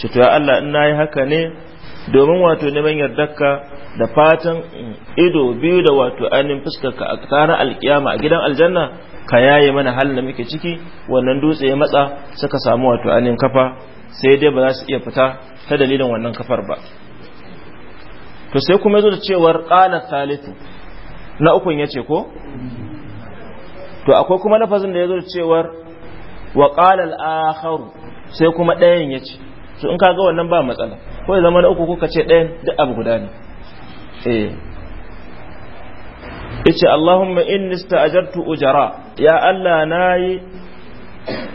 ce to ya Allah in nayi haka ne domin wato neman yardarka da fatan ido biyu da wato ainihin ka a ranar alkiyama a gidan aljanna ka yaye mana halin da muke ciki wannan dutse ya matsa suka samu wato ainihin kafa sai dai ba za su iya fita ta dalilin wannan kafar ba to sai kuma yazo da cewar qala thalithu na ukun yace ko to akwai kuma lafazin da yazo da cewar wa qala al akhar sai kuma ɗayan yace su in kaga wannan ba matsala ko ya zama na uku kuka ce ɗayan duk abu guda ne eh yace Allahumma inni sta'ajartu ujara ya Allah nayi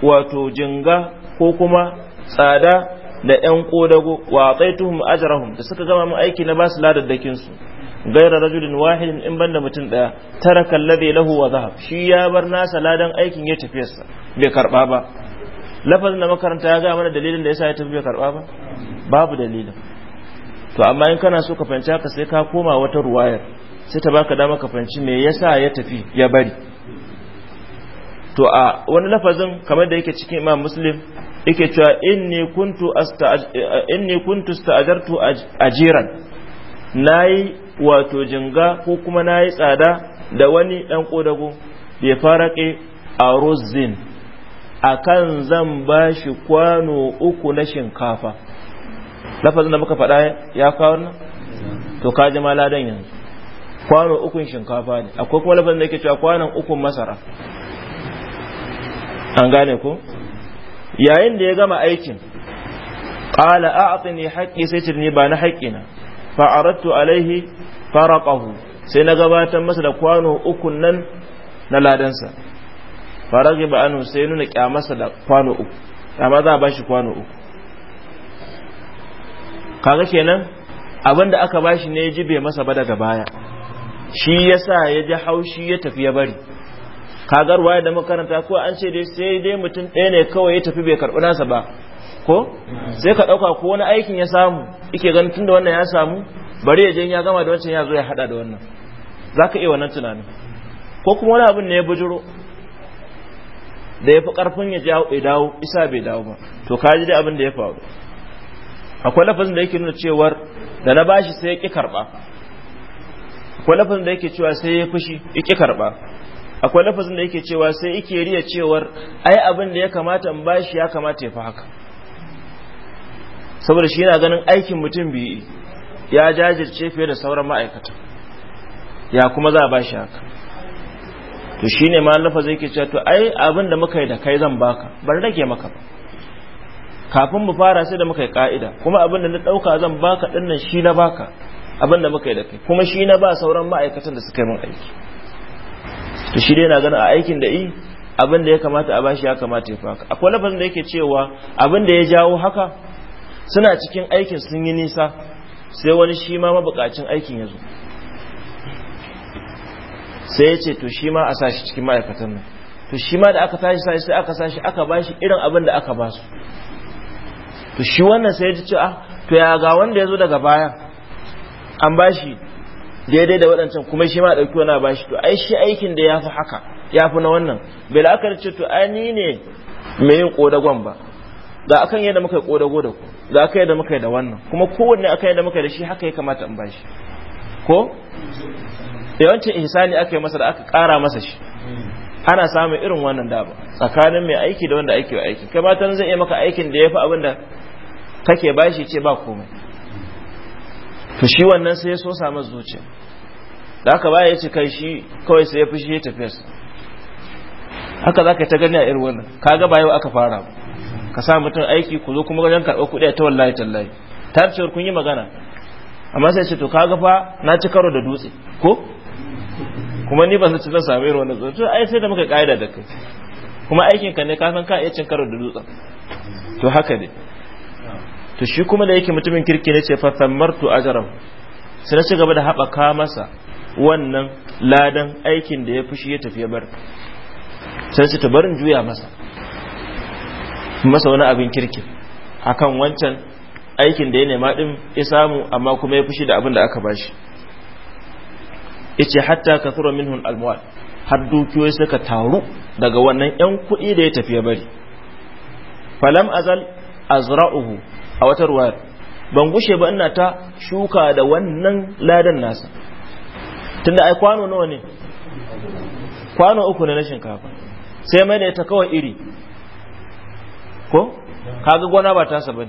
wato jinga ko kuma tsada da ƴan kodago wa ataituhum ajrahum da suka gama mun aiki na basu ladaddakin su gaira rajulin wahidin in banda mutum daya taraka alladhi lahu wa dhahab shi ya bar nasa ladan aikin ya tafiyarsa bai karɓa ba lafazin da makaranta ya gaya mana dalilin da yasa ya tafi bai karba ba babu dalilin to amma in kana so ka fahimci haka sai ka koma wata ruwayar sai ta baka dama ka fahimci me yasa ya tafi ya bari to a wani lafazin kamar da yake cikin imam muslim yake cewa inni kuntu inni kuntu astajartu ajiran nayi wato jinga ko kuma nayi tsada da wani dan kodago bai farake a akan zan ba shi kwano uku na shinkafa lafazin da muka faɗa ya kawo nan to ka ji ladan yanzu kwano ukun shinkafa ne akwai kuma lafazin da yake cewa kwanon ukun masara an gane ko yayin da ya gama aikin qala a'tini haqqi sai ce ni ba na haqqina fa aradtu alaihi faraqahu sai na gabatar masa da kwano ukun nan na ladansa faragi ba anu sai nuna kyamarsa da kwano uku amma za a bashi kwano uku kaga kenan abin da aka bashi ne ya jibe masa ba daga baya shi yasa ya ji haushi ya tafi ya bari kagarwa da makaranta ko an ce dai sai dai mutum ɗaya ne kawai ya tafi bai karɓi nasa ba ko sai ka ɗauka ko wani aikin ya samu ike ganin tunda wannan ya samu bari ya je ya gama da wancan ya zo ya haɗa da wannan za ka iya wannan tunanin ko kuma wani abin ne ya bujuro da ya fi ƙarfin ya jawo bai dawo isa bai dawo ba to ka ji dai abin da ya faru akwai lafazin da yake nuna cewar da na bashi sai ya ƙi karɓa akwai lafazin da yake cewa sai ya fushi ya ƙi karɓa akwai lafazin da yake cewa sai yake riya cewar ai abin da ya kamata in bashi ya kamata ya fi haka saboda shi yana ganin aikin mutum biyu ya jajirce fiye da sauran ma'aikata ya kuma za a bashi haka to ne ma zai ke cewa to ai abin da muka yi da kai zan baka ban rage maka ba kafin mu fara sai da muka yi ka'ida kuma abin da na dauka zan baka nan shi na baka abin da muka yi da kai kuma shi na ba sauran ma'aikatan da suka yi min aiki to shi dai na ganin a aikin da i abin da ya kamata a bashi ya kamata ya faka akwai lafazin da yake cewa abin da ya jawo haka suna cikin aikin sun yi nisa sai wani shi ma mabukacin aikin ya zo sai ya ce to shi ma a sa shi cikin ma'aikatan nan to shi ma da aka tashi sa sai aka sa shi aka ba shi irin abin da aka ba su to shi wannan sai ya ji cewa ah, to ya ga wanda ya zo daga baya an ba shi daidai da waɗancan kuma shi ma ɗauki wani ba shi to ai shi aikin da ya fi haka ya fi na wannan bai aka ce to ai ni ne mai yin ƙodagon ba ga akan yadda muka yi ƙodago da ku ga akan yadda muka yi da wannan kuma kowanne akan yadda muka yi da shi haka ya kamata in ba shi ko yawancin ihsani aka yi masa da aka kara masa shi ana samun irin wannan dama tsakanin mai aiki da wanda ake aiki kai matan zai iya maka aikin da ya fi abin da kake bashi ce ba komai to shi wannan sai ya so samu zuciya da aka ba ya ce kai shi kawai sai ya fi shi ya tafiya haka za ka ta gani a irin wannan ka ga ba yau aka fara ka sa mutum aiki ku zo kuma gajen karɓar kuɗi a ta wallahi tallahi ta cewar kun yi magana amma sai ce to ka ga fa na ci karo da dutse ko kuma ni ba zan samu irin wannan to ai sai da muka kaida da kai kuma aikin ka ne ka san ka iya cin karo da dutsen to haka ne to shi kuma da yake mutumin kirki ne ce fa samartu ajrahu sai ci gaba da haɓaka masa wannan ladan aikin da ya fushi ya tafi ya bar sai ta tabarin juya masa masa wani abin kirki akan wancan aikin da ya nema din ya samu amma kuma ya fushi da abin da aka bashi yace hatta kathura minhum almwal har dukiyoyi suka taru daga wannan yan kuɗi da ya tafi ya bari falam azal azra'uhu a wata ruwa ban gushe ba ina ta shuka da wannan ladan nasa tunda ai kwano nawa ne kwano uku ne na shinkafa sai mai da ita kawai iri ko kaga gona ba tasa ne?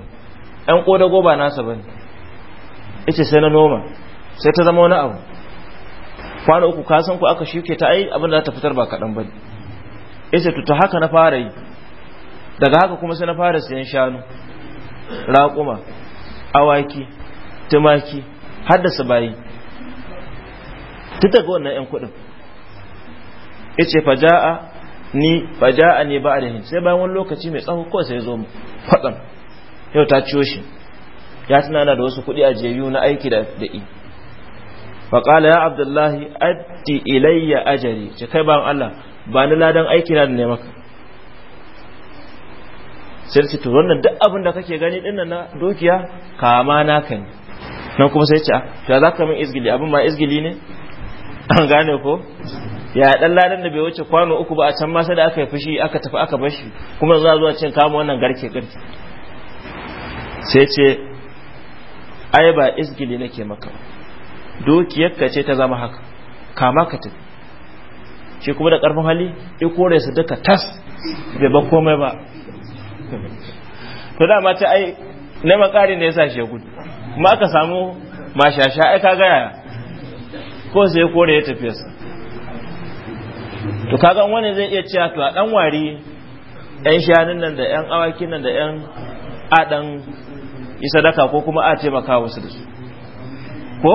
yan kodago ba nasa bane ita sai na noma sai ta zama wani abu kwana uku ka san ku aka shuke ta ai abin da ta fitar ba kaɗan ba yace ta haka na fara yi daga haka kuma sai na fara siyan shanu raƙuma awaki tumaki Har haddasa bayi Ta daga wannan 'yan kuɗin yace faja'a ni faja'a ne ba da sai bayan wani lokaci mai tsawon ko sai zo mu faɗan yau ta ciyo shi ya tunana da wasu kuɗi a jebiyu na aiki da da'i faƙala ya abdullahi addi ilayya ajali ce kai ban Allah ba ni ladan aiki na da ne maka sai ce to wannan duk abin da kake gani din nan na dukiya kama na ne nan kuma sai ce a ah, to za ka min izgili abin ma izgili ne an gane ko ya dan ladan da bai wuce kwano uku ba a can ma sai da aka yi fushi aka tafi aka bar shi kuma za zuwa cin kama wannan garke garke sai ce ai ba izgili nake maka dokiyarka ce ta zama haka kama ka tafi shi kuma da karfin hali ya kore su duka tas bai ba komai ba to dama ta ai na makari ne ya shi ya gudu kuma aka samu mashasha ai ka gaya ko sai ya kore ya tafiya sa to kaga wani zai iya cewa to a dan wari yan shanun nan da yan awakin nan da yan adan yi sadaka ko kuma a taimaka wasu da su ko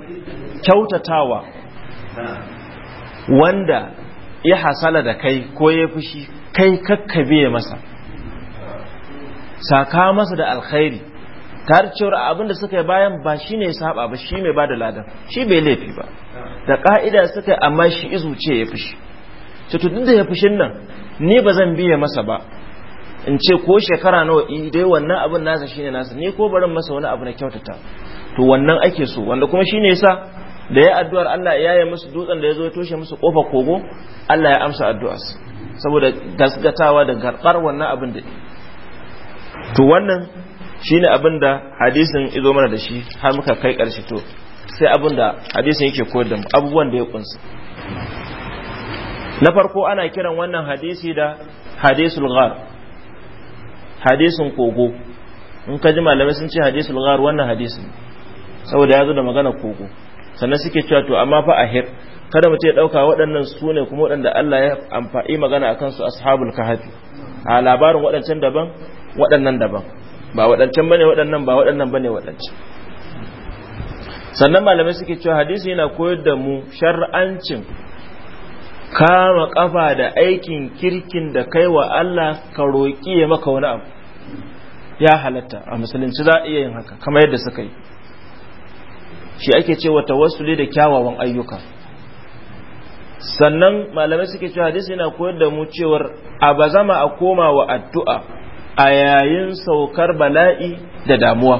kyautatawa wanda ya hasala da kai ko ya fushi kai kakkabe masa saka masa da alkhairi tare cewar abin da suka yi bayan ba shi ne saba ba shi mai bada da ladan shi bai laifi ba da ka'ida suka yi amma shi izuce ya fushi to duk da ya fushin nan ni ba zan biya masa ba in ce ko shekara nawa eh, dai wannan abin nasa shine nasa ni ko barin masa wani abu na kyautata to wannan ake so wanda kuma shine yasa da ya addu'ar Allah ya yi musu dutsen da ya zo ya toshe musu kofar kogo Allah ya amsa addu'as. saboda gasgatawa da garbar wannan abin da to wannan shine abin da hadisin izo mana da shi har muka kai karshe to sai abin da hadisin yake koyar da mu abubuwan da ya kunsa na farko ana kiran wannan hadisi da hadisul ghar hadisin kogo in ka ji malamai sun ce hadisul ghar wannan hadisin saboda ya zo da magana kogo sannan suke cewa to amma fa ahir kada mu ce dauka waɗannan su ne kuma waɗanda Allah ya amfani magana akan su ashabul kahfi a labarin waɗancan daban waɗannan daban ba waɗancan bane waɗannan ba waɗannan bane waɗancan sannan malamai suke cewa hadisi yana koyar da mu shar'ancin kama kafa da aikin kirkin da kai wa Allah ka roƙi ya maka wani abu ya halatta a musulunci za a iya yin haka kamar yadda suka yi shi ake cewa tawassuli da kyawawan ayyuka sannan malamai suke cewa hadisi yana koyar da mu cewar a bazama a koma wa addu'a a yayin saukar bala'i da damuwa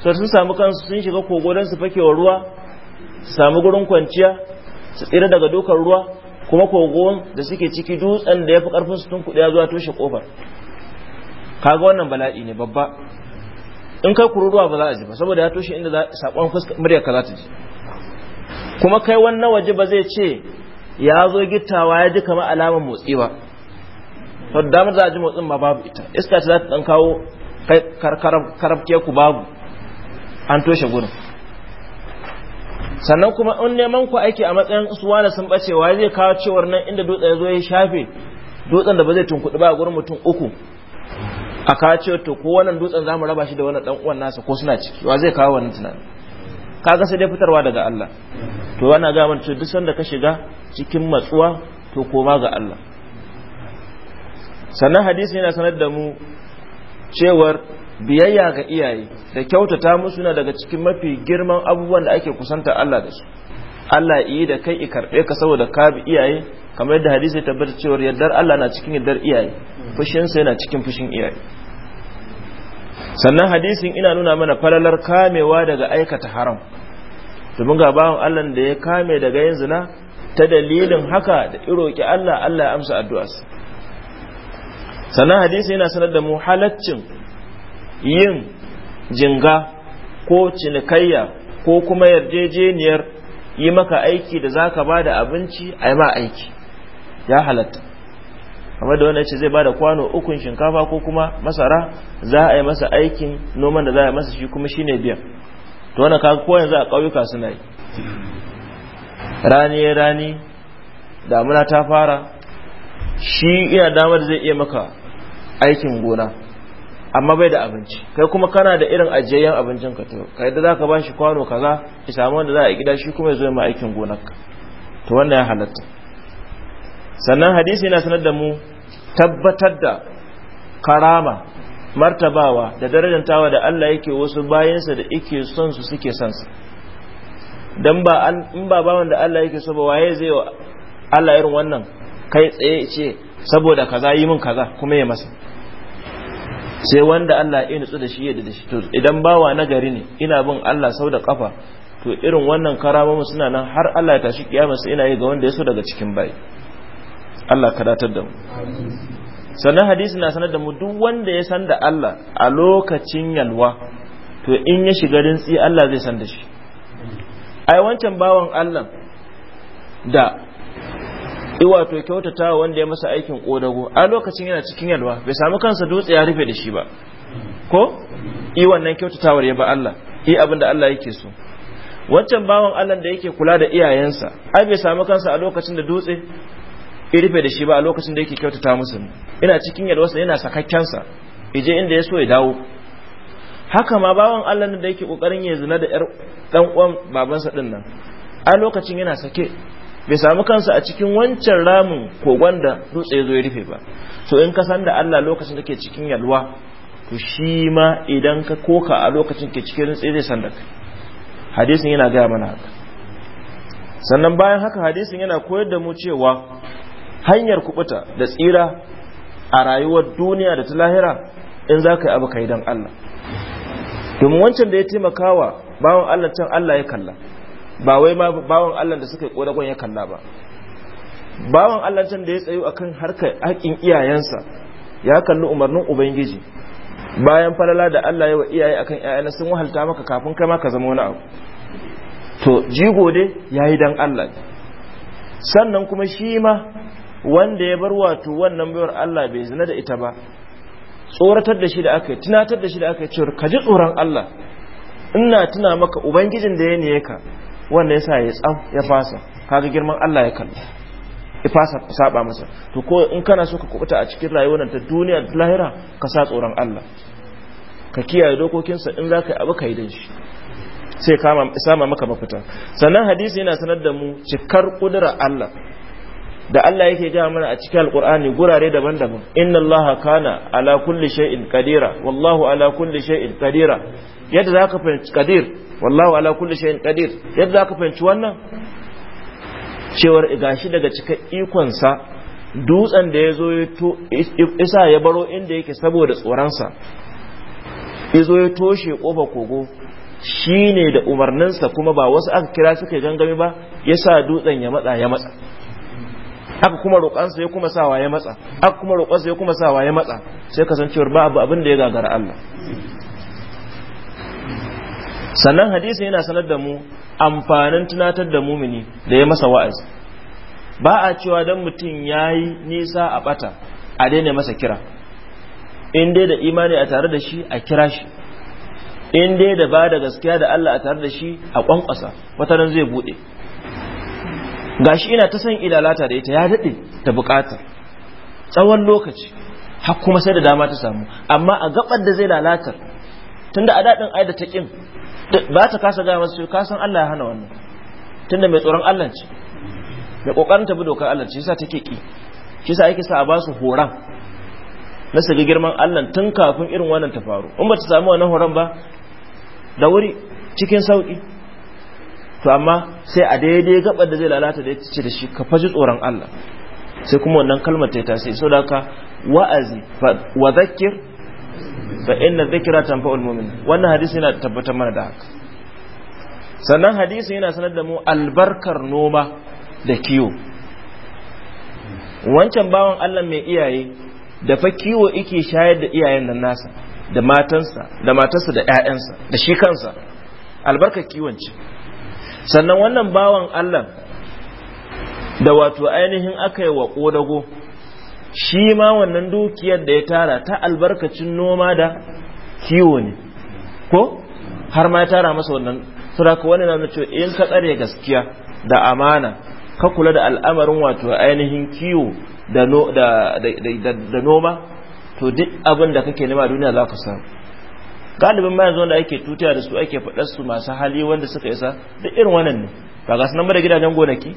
so sun samu kansu sun shiga kogo su fake wa ruwa samu gurin kwanciya su tsira daga dokar ruwa kuma kogon da suke ciki dutsen da ya fi karfin su tun kuɗi ya zuwa toshe kofar kaga wannan bala'i ne babba in kai kururuwa ba za a ji ba saboda ya toshe inda sakon murya ka za ta ji kuma kai wannan waje ba zai ce ya zo gittawa ya ji kamar alamar motsi ba to da damar za a ji motsin ma babu ita iska ta za ta dan kawo karabtiyar ku babu an toshe gurin sannan kuma in neman ku aiki a matsayin suwa da sun bace wa zai kawo cewar nan inda dutsen ya zo ya shafe dutsen da ba zai tunkuɗi ba a gurin mutum uku a ka ce to ko wannan dutsen zamu raba shi da wannan dan uwan nasa ko suna ciki wa zai kawo wannan tunanin kaga sai dai fitarwa daga Allah to wannan ga mun duk sanda ka shiga cikin matsuwa to koma ga Allah sannan hadisi yana sanar da mu cewar biyayya ga iyaye da kyautata musu na daga cikin mafi girman abubuwan da ake kusanta Allah da su Allah yi da kai karɓe ka saboda ka bi iyaye kamar yadda hadisi ya tabbata cewar yardar Allah na cikin yardar iyaye fushinsa yana cikin fushin iyaye sannan hadisin ina nuna mana falalar kamewa daga aikata haram domin ga bawan Allah da ya kame daga yin zina ta dalilin haka da iroki Allah Allah ya amsa addu'arsa sannan hadisi yana sanar da mu halaccin yin jinga ko cinikayya ko kuma yarjejeniyar yi maka aiki da zaka bada abinci a ma aiki ya halatta kamar da wani ce zai bada kwano ukun shinkafa ko kuma masara za a yi masa aikin noman da za a yi masa shi kuma shine biyan to wannan ka ko yanzu a ƙauyuka suna yi rani ya rani damuna ta fara shi iya damar zai iya maka aikin gona amma bai da abinci kai kuma kana da irin ajiyayyen abincin ka to kai da zaka bashi kwano kaza ki samu wanda za a gida shi kuma ya zo ma aikin gonarka to wannan ya halatta sannan hadisi yana sanar da mu tabbatar da karama martabawa da darajantawa da Allah yake wasu bayansa da yake son su suke son su dan ba in ba bawan da Allah yake so ba waye zai wa Allah irin wannan kai tsaye ce saboda kaza yi min kaza kuma ya masa sai wanda Allah ya nutsu da shi ya da shi to idan bawa na gari ne ina bin Allah sau da kafa to irin wannan karamomu suna nan har Allah ya tashi kiyama sai ina yi ga wanda ya so daga cikin bai Allah ka datar da mu sannan hadisi na sanar da mu duk wanda ya san da Allah a lokacin yalwa to in ya shiga rintsi Allah zai san da shi ai wancan bawan Allah da to kyautata wanda ya masa aikin kodago a lokacin yana cikin yalwa bai samu kansa dutse ya rufe da shi ba ko i wannan kyautatawar ya ba Allah i abin da Allah yake so wancan bawan Allah da yake kula da iyayensa ai bai samu kansa a lokacin da dutse rufe da shi ba a lokacin da yake kyautata musu ina cikin yalwarsa yana sakakken sa. ije inda ya so ya dawo haka ma bawan Allah da yake kokarin ya zina da yar dan uwan babansa din nan a lokacin yana sake bai samu kansa a cikin wancan ramin kogon da dutse ya zo ya rufe ba so in ka san da Allah lokacin da ke cikin yalwa to shi ma idan ka koka a lokacin ke cikin rutse zai san da kai hadisin yana gaya mana haka sannan bayan haka hadisin yana koyar da mu cewa hanyar kubuta da tsira a rayuwar duniya da ta lahira in za ka yi abu ka yi don Allah domin wancan da ya taimaka wa bawan Allah can Allah ya kalla ba wai ma bawan Allah da suka yi ƙodagon ya kalla ba bawan Allah can da ya tsayo akan harkar haƙin iyayensa ya kalli umarnin ubangiji bayan falala da Allah ya wa iyaye akan iyayen sun wahalta maka kafin kai ma ka zama wani abu to jigo dai yi don Allah sannan kuma shi ma wanda ya bar wato wannan baiwar Allah bai zina da ita ba tsoratar da shi da aka yi tunatar da shi da aka yi cewar kaji tsoron Allah ina tuna maka ubangijin da ya ne ka wanda ya sa ya tsam ya fasa kaga girman Allah ya kalli ya fasa saba masa to ko in kana so ka kubuta a cikin rayuwar ta duniya da lahira ka sa tsoron Allah ka kiyaye dokokinsa in za ka yi abu ka yi da shi sai kama sama maka mafita sannan hadisi yana sanar da mu cikar kudura Allah da Allah yake ga mana a cikin alqur'ani gurare daban-daban inna allaha kana ala kulli shay'in qadira wallahu ala kulli shay'in qadira yadda zaka fahimci qadir wallahu ala kulli shay'in qadir yadda zaka fahimci wannan cewar gashi daga cikin ikon sa dutsen da yazo ya to isa ya baro inda yake saboda tsoron sa yazo ya toshe kofa kogo shine da umarninsa kuma ba wasu aka kira suka gangami ba yasa dutsen ya matsa ya matsa aka kuma roƙansa ya kuma sawa ya matsa aka kuma roƙansa ya kuma sawa ya matsa sai kasancewar ba abu abin da ya gagara Allah sannan hadisi yana sanar da mu amfanin tunatar da mumini da ya masa wa'azi ba a cewa don mutum ya yi nisa a bata a daina masa kira in dai da imani a tare da shi a kira shi in dai da ba da gaskiya da Allah a tare da shi a kwankwasa wataran zai buɗe. gashi ina ta san ilalata da ita ya daɗe ta bukata tsawon lokaci har kuma sai da dama ta samu amma a gabar da zai lalatar tunda a daɗin aida ta ƙin ba ta kasa gaya masu ka san Allah ya hana wannan tunda mai tsoron Allah ce mai kokarin ta bi dokar Allah ce yasa take ki kisa yake sa a ba su horan na su girman Allah tun kafin irin wannan ta faru in ba ta samu wannan horan ba da wuri cikin sauki to amma sai a daidai gabar da zai lalata da ya ce da shi ka faji tsoron Allah sai kuma wannan kalmar ta tasiri so da ka wa'azi wa zakir fa inna dhikra al mu'min wannan hadisi yana tabbatar mana da haka sannan hadisi yana sanar da mu albarkar noma da kiwo wancan bawan Allah mai iyaye da fa kiwo yake shayar da iyayen nan nasa da matansa da matarsa da ƴaƴansa da shi kansa albarkar kiwon ci. sannan wannan bawan Allah da wato ainihin aka yi wa ƙodago shi ma wannan dukiyar da ya tara ta albarkacin noma da kiwo ne ko har ma ya tara masa wannan suraka wani na cewa in ka tsare gaskiya da amana ka kula da al'amarin wato ainihin kiwo da noma to duk abin da kake nema duniya za ka samu galibin ma yanzu wanda ake tutiya da su ake faɗar su masu hali wanda suka isa duk irin wannan ne ba ga sunan da gidajen gonaki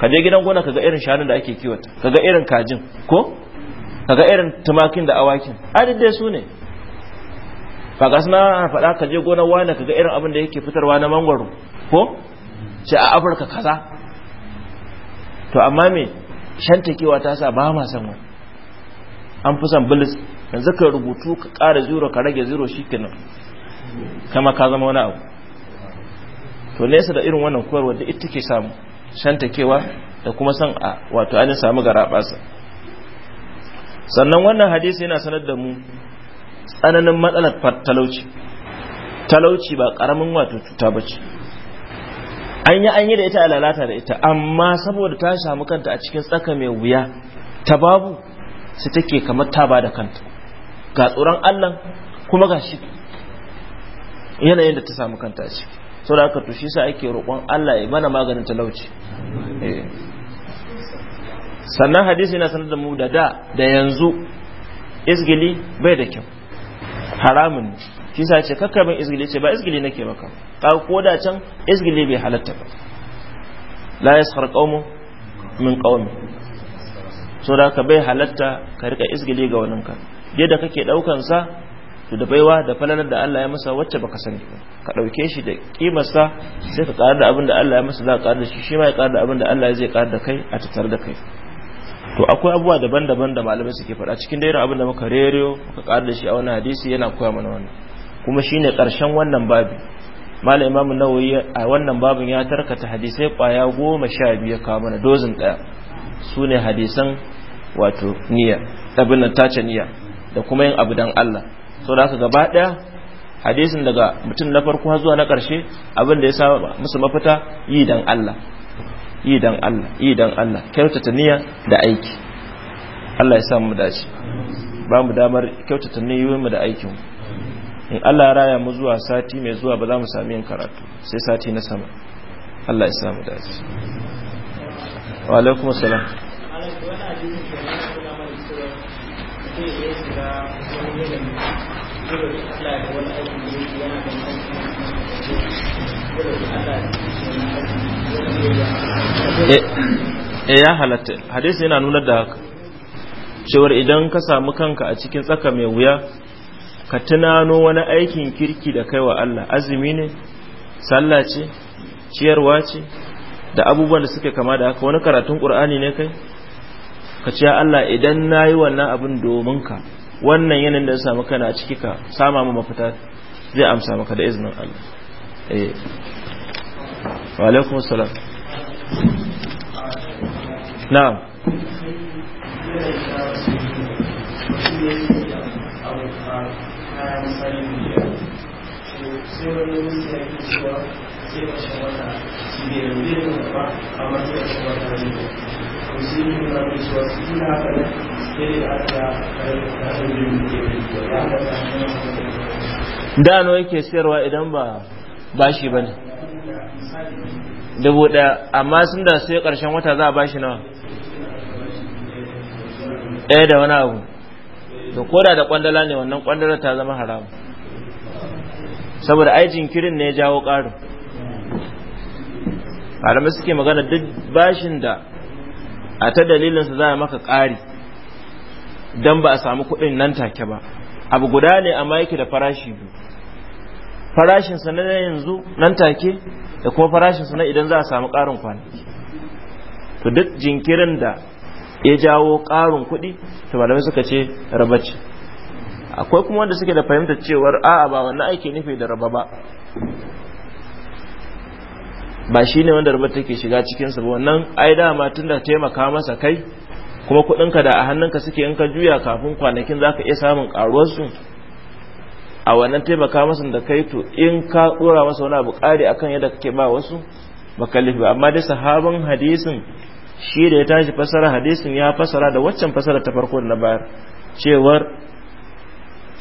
ka je gidan gona kaga irin shanun da ake kiwata kaga irin kajin ko kaga irin tumakin da awakin Adidai dai su ne ba ga sunan faɗa ka je gonar wani kaga irin abin da yake fitarwa na mangwaro ko ce a afirka kaza to amma me shantakewa ta sa ba ma san wani an fi san bilis yanzu ka rubutu ka kara zero ka rage zero shi kenan kama ka zama wani abu to nesa da irin wannan kuwar wanda ita ke samu shantakewa da kuma san a wato an samu garaɓasa sannan wannan hadisi yana sanar da mu tsananin matsalar talauci talauci ba karamin wato cuta ba ce an yi an yi da ita a lalata da ita amma saboda ta samu kanta a cikin tsaka mai wuya ta babu su take kamar ta ba da kanta ga tsoron Allah kuma ga shi yanayin da ta samu kanta ce sau da aka tushe sa ake roƙon Allah ya mana maganin talauci eh. sannan hadisi yana sanar da mu da da da yanzu izgili bai da kyau haramun shi sa ce kakkamin izgili ce ba izgili nake maka ka ko da can izgili bai halatta ba la yaskhar qaumun min qaumi so da ka bai halatta ka rika izgili ga wani ka da kake daukan sa to da baiwa da falalar da Allah ya masa wacce baka sani ba ka dauke shi da kimar sa sai ka karar da abin da Allah ya masa za ka karar da shi shi ma ya karar da abin da Allah zai karar da kai a tattar da kai to akwai abubuwa daban-daban da malamai suke faɗa cikin dairin abin da muka rero muka karar da shi a wani hadisi yana koya mana wannan kuma shine karshen wannan babi malam imamu nawawi a wannan babin ya tarkata hadisai kwaya goma sha biyu kawo mana dozin ɗaya su ne hadisan wato niyya abin nan tace niyya da kuma yin abu dan Allah so da aka gaba daya hadisin daga mutum na farko har zuwa na karshe abin da ya sa musu mafita yi dan Allah yi dan Allah yi dan Allah kyautata niyya da aiki Allah ya sa mu dace ba mu damar kyautata niyyoyin mu da aikin in Allah ya raya mu zuwa sati mai zuwa ba za mu sami yin karatu sai sati na sama Allah ya sa mu dace wa alaikum assalam e ya halatta hadisi yana nuna da haka cewar idan ka samu kanka a cikin tsaka mai wuya ka tunano wani aikin kirki da kai wa Allah azumi ne sallah ce ciyarwa ce da abubuwan da suke kama da haka wani karatun qur'ani ne kai ka ce Allah idan nayi wannan abin domin ka wannan yanayin da ya samu kana a ciki ka sama mu mafita zai amsa maka da izinin Allah eh wa alaikum salam na'am sai wani da nawa yake sayarwa idan ba bashi ba ne dubu daya amma sun da sai ƙarshen wata za a bashi nawa ɗaya da wani abu da koda da kwandala ne wannan kwandalar ta zama haramu saboda aijin kirin ne ya jawo ƙarin malamai suke magana duk bashin da a ta dalilinsa za a maka ƙari don ba a samu kuɗin nan take ba abu guda ne amma yake da farashi biyu farashinsa na yanzu nan take da kuma farashinsa na idan za a samu ƙarin kwanaki to duk jinkirin da ya jawo ƙarin kuɗi to malamai suka ce rabace akwai kuma wanda suke da fahimtar cewar a'a ba wannan aiki nufi da raba ba ba shi ne wanda rubuta take shiga cikinsa ba wannan ai dama tun da taimaka masa kai kuma kuɗinka da a hannunka suke in ka juya kafin kwanakin za ka iya samun ƙaruwarsu a wannan taimaka masa da kai to in ka ɗora masa wani abu ƙari akan yadda kake ba wasu ba ba amma dai sahabin hadisin shi da ya tashi fasara hadisin ya fasara da waccan fasara ta farko da na bayar cewar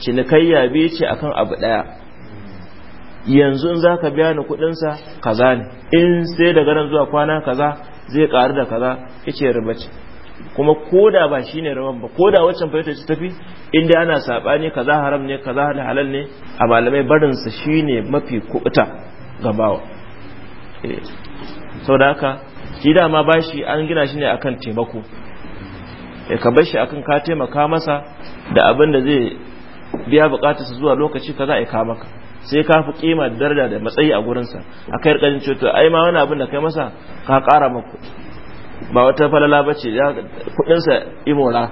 cinikayya biyu ce akan abu ɗaya yanzu in za ka biya ni kudinsa kaza ne in sai daga nan zuwa kwana kaza zai karu da kaza ice riba ce kuma da ba shine rawan ba ko da waccan fahimta ci tafi inda ana sabani kaza haram ne kaza da halal ne a malamai barin sa shine mafi kubuta ga bawa eh. sau da haka shi dama bashi an gina shi ne akan taimako eh, ka bar shi akan ka taimaka masa da abin da zai biya bukatarsa zuwa lokaci kaza ya ka maka sai ka fi kima da daraja da matsayi a gurinsa a kai rikajin cewa ai ma wani abin da kai masa ka kara maku ba wata falala ba ce kudinsa imora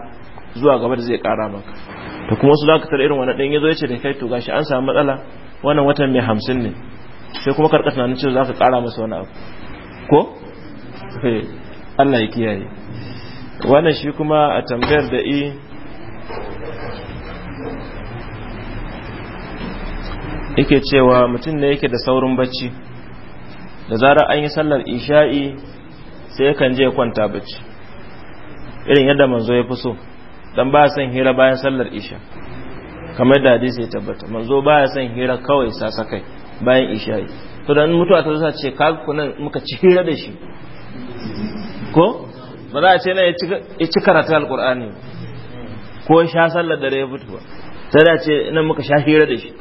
zuwa gaba da zai kara maka ta kuma wasu zaka tara irin wani ɗin ya zo ya ce da kai to gashi an samu matsala wannan watan mai hamsin ne sai kuma karkar tunanin cewa za ka kara masa wani abu ko? Eh, Allah ya kiyaye wannan shi kuma a tambayar da i yake cewa mutum ne yake da saurin bacci da zarar an yi sallar isha'i sai yakan je kwanta bacci irin yadda manzo ya fi so don ba son hira bayan sallar isha kamar da hadisi ya tabbata manzo baya son hira kawai sasakai bayan isha'i to da mutuwa ta zuwa ce ka nan muka ci hira da shi ko ba za a ce na ya ci karatu alkur'ani ko sha sallar dare ya fito ba ta da ce nan muka sha hira da shi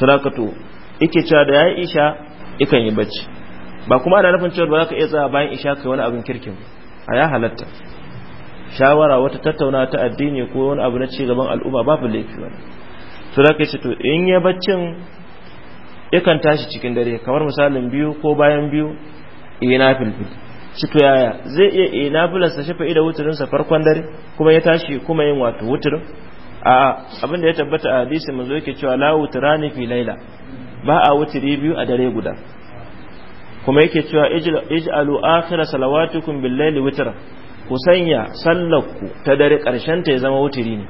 sadakatu yake cewa da yayi isha ikan yi bacci ba kuma da nufin cewa ba za ka iya tsaya bayan isha kai wani abin kirkin a ya halatta shawara wata tattauna ta addini ko wani abu na ci gaban al'umma babu laifi wani to da kai to in ya baccin yakan tashi cikin dare kamar misalin biyu ko bayan biyu ina filfil shi to yaya zai iya ina filarsa shafa ida wuturinsa farkon dare kuma ya tashi kuma yin wato wuturin a abin da ya tabbata a hadisi zo yake cewa la wutrani fi laila ba a wutiri biyu a dare guda kuma yake cewa ij'alu akhir salawatukum bil laili witra ku sanya sallarku ta dare karshen ta ya zama wutiri ne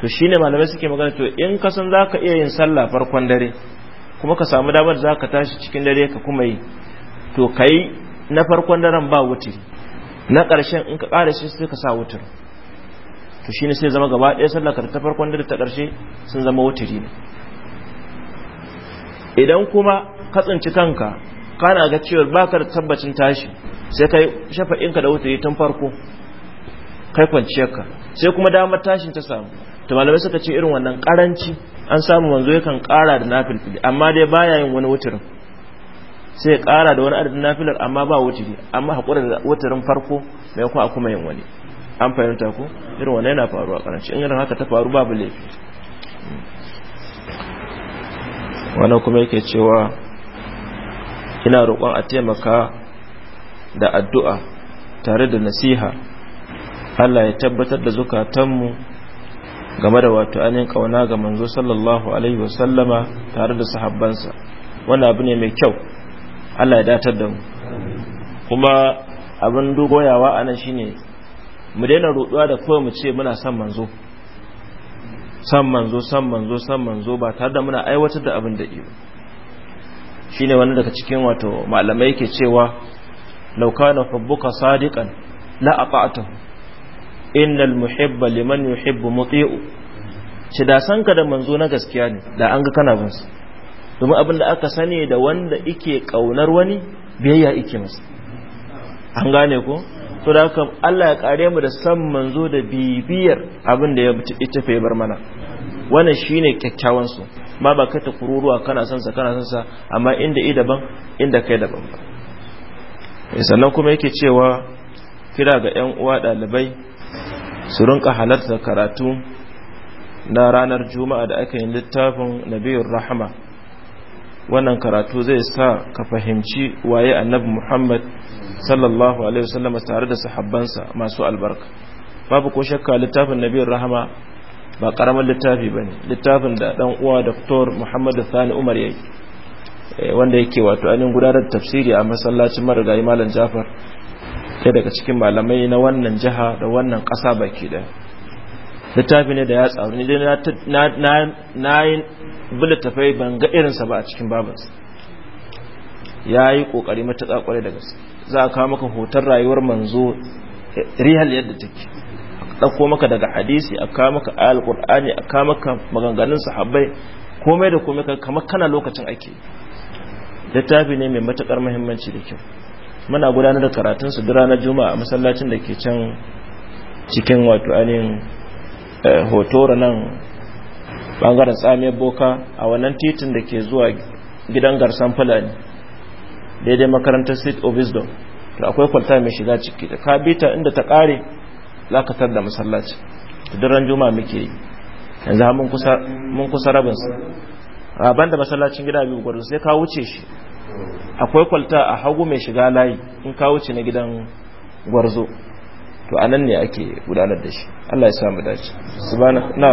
to shine malamai suke magana to in ka san zaka iya yin sallah farkon dare kuma ka samu damar zaka tashi cikin dare ka kuma yi to kai na farkon daren ba wutiri na karshen in ka ƙara shi sai ka sa wutar to shine sai zama gaba ɗaya sallar ta farkon da ta ƙarshe sun zama wutiri ne idan kuma ka tsinci kanka kana ga cewa baka da tabbacin tashi sai kai ɗinka da wutiri tun farko kai kwanciyarka sai kuma damar tashin ta samu to malamai suka ce irin wannan karanci an samu manzo yakan kara da nafilfili amma dai baya yin wani wutirin sai ya kara da wani adadin nafilar amma ba wutiri amma haƙura da wutirin farko mai kuma a kuma yin wani an fahimta ku irin wannan yana faruwa karanci in irin haka ta faru babu laifi wannan kuma yake cewa ina roƙon a taimaka da addu'a tare da nasiha Allah ya tabbatar da zukatanmu game da wato ainihin ƙauna ga manzo sallallahu alaihi wasallama tare da sahabbansa wani abu ne mai kyau Allah ya datar da mu kuma abin dogoyawa a nan shine mu daina roduwa da kawai mu ce muna san manzo san manzo san manzo san manzo ba tare da muna aiwatar da abin da iyo shine wani daga cikin wato malamai yake cewa law kana hubbuka sadiqan la ata'tahu innal muhibba liman yuhibbu muti'u ce da san ka da manzo na gaskiya ne da an ga kana bin su domin abin da aka sani da wanda ike kaunar wani biyayya ike masa an gane ko so da haka Allah ya kare mu da san manzo da bibiyar abin da ya fa bar mana wannan shine kyakkyawan su ba ba ka ta kururuwa kana son sa kana son sa amma inda i daban inda kai daban ba sannan kuma yake cewa kira ga yan uwa dalibai su rinka halarta karatu na ranar juma'a da aka yi littafin nabiyur rahama wannan karatu zai sa ka fahimci waye annabi muhammad sallallahu alaihi wasallam tare da sahabbansa masu albarka babu ko shakka littafin nabiyar rahama ba karamar littafi ba ne littafin da dan uwa dr muhammad sani umar yayi eh, wanda yake wato ainihin gudanar da tafsiri a masallacin marigayi malam jafar ɗaya daga cikin malamai na wannan jiha da wannan ƙasa baki ɗaya littafi ne da ya tsaru ne na yi tafai ban ga irinsa ba a cikin babansa ya yi ƙoƙari matuƙa ƙwarai da gaske za a kawo maka hoton rayuwar manzo rihal yadda take ɗauko maka daga hadisi a kawo maka ayal qur'ani a kawo maka maganganun sahabbai komai da komai kamar kana lokacin ake littafi ne mai matakar muhimmanci da kyau muna gudanar da karatun su duk ranar juma'a a masallacin da ke can cikin wato ainihin eh, hoto nan bangaren tsamiyar boka a wannan titin da ke zuwa gidan garsan fulani daidai makarantar seat of wisdom to akwai kwalta mai shiga ciki da ka bita inda ta kare za ka tar da masallaci duran juma muke yi yanzu mun kusa rabin su a da masallacin gida biyu gwarzo sai ka wuce shi akwai kwalta a hagu mai shiga layi in ka wuce na gidan gwarzo to a nan ne ake gudanar da shi Allah ya samu dace subhana na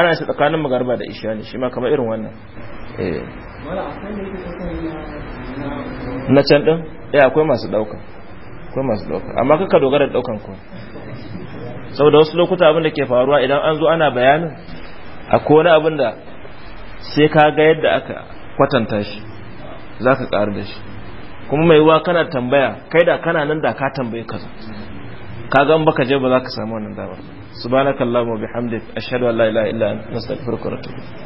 ana shi tsakanin magarba da isha ne shi ma kamar irin wannan eh na can ɗin ya eh, akwai masu ɗauka akwai masu ɗauka amma kaka dogara ɗaukan kuwa sau da wasu lokuta abin da ke faruwa idan an zo ana bayanin a kone abin da sai ka ga yadda aka kwatanta shi za ka ƙaru da shi kuma mai wa kana tambaya kai da kana nan da ka tambaye kaza ka gan baka je ba za ka samu wannan damar subhanakallahumma bihamdik ashhadu an la ilaha illa anta astaghfiruka wa atubu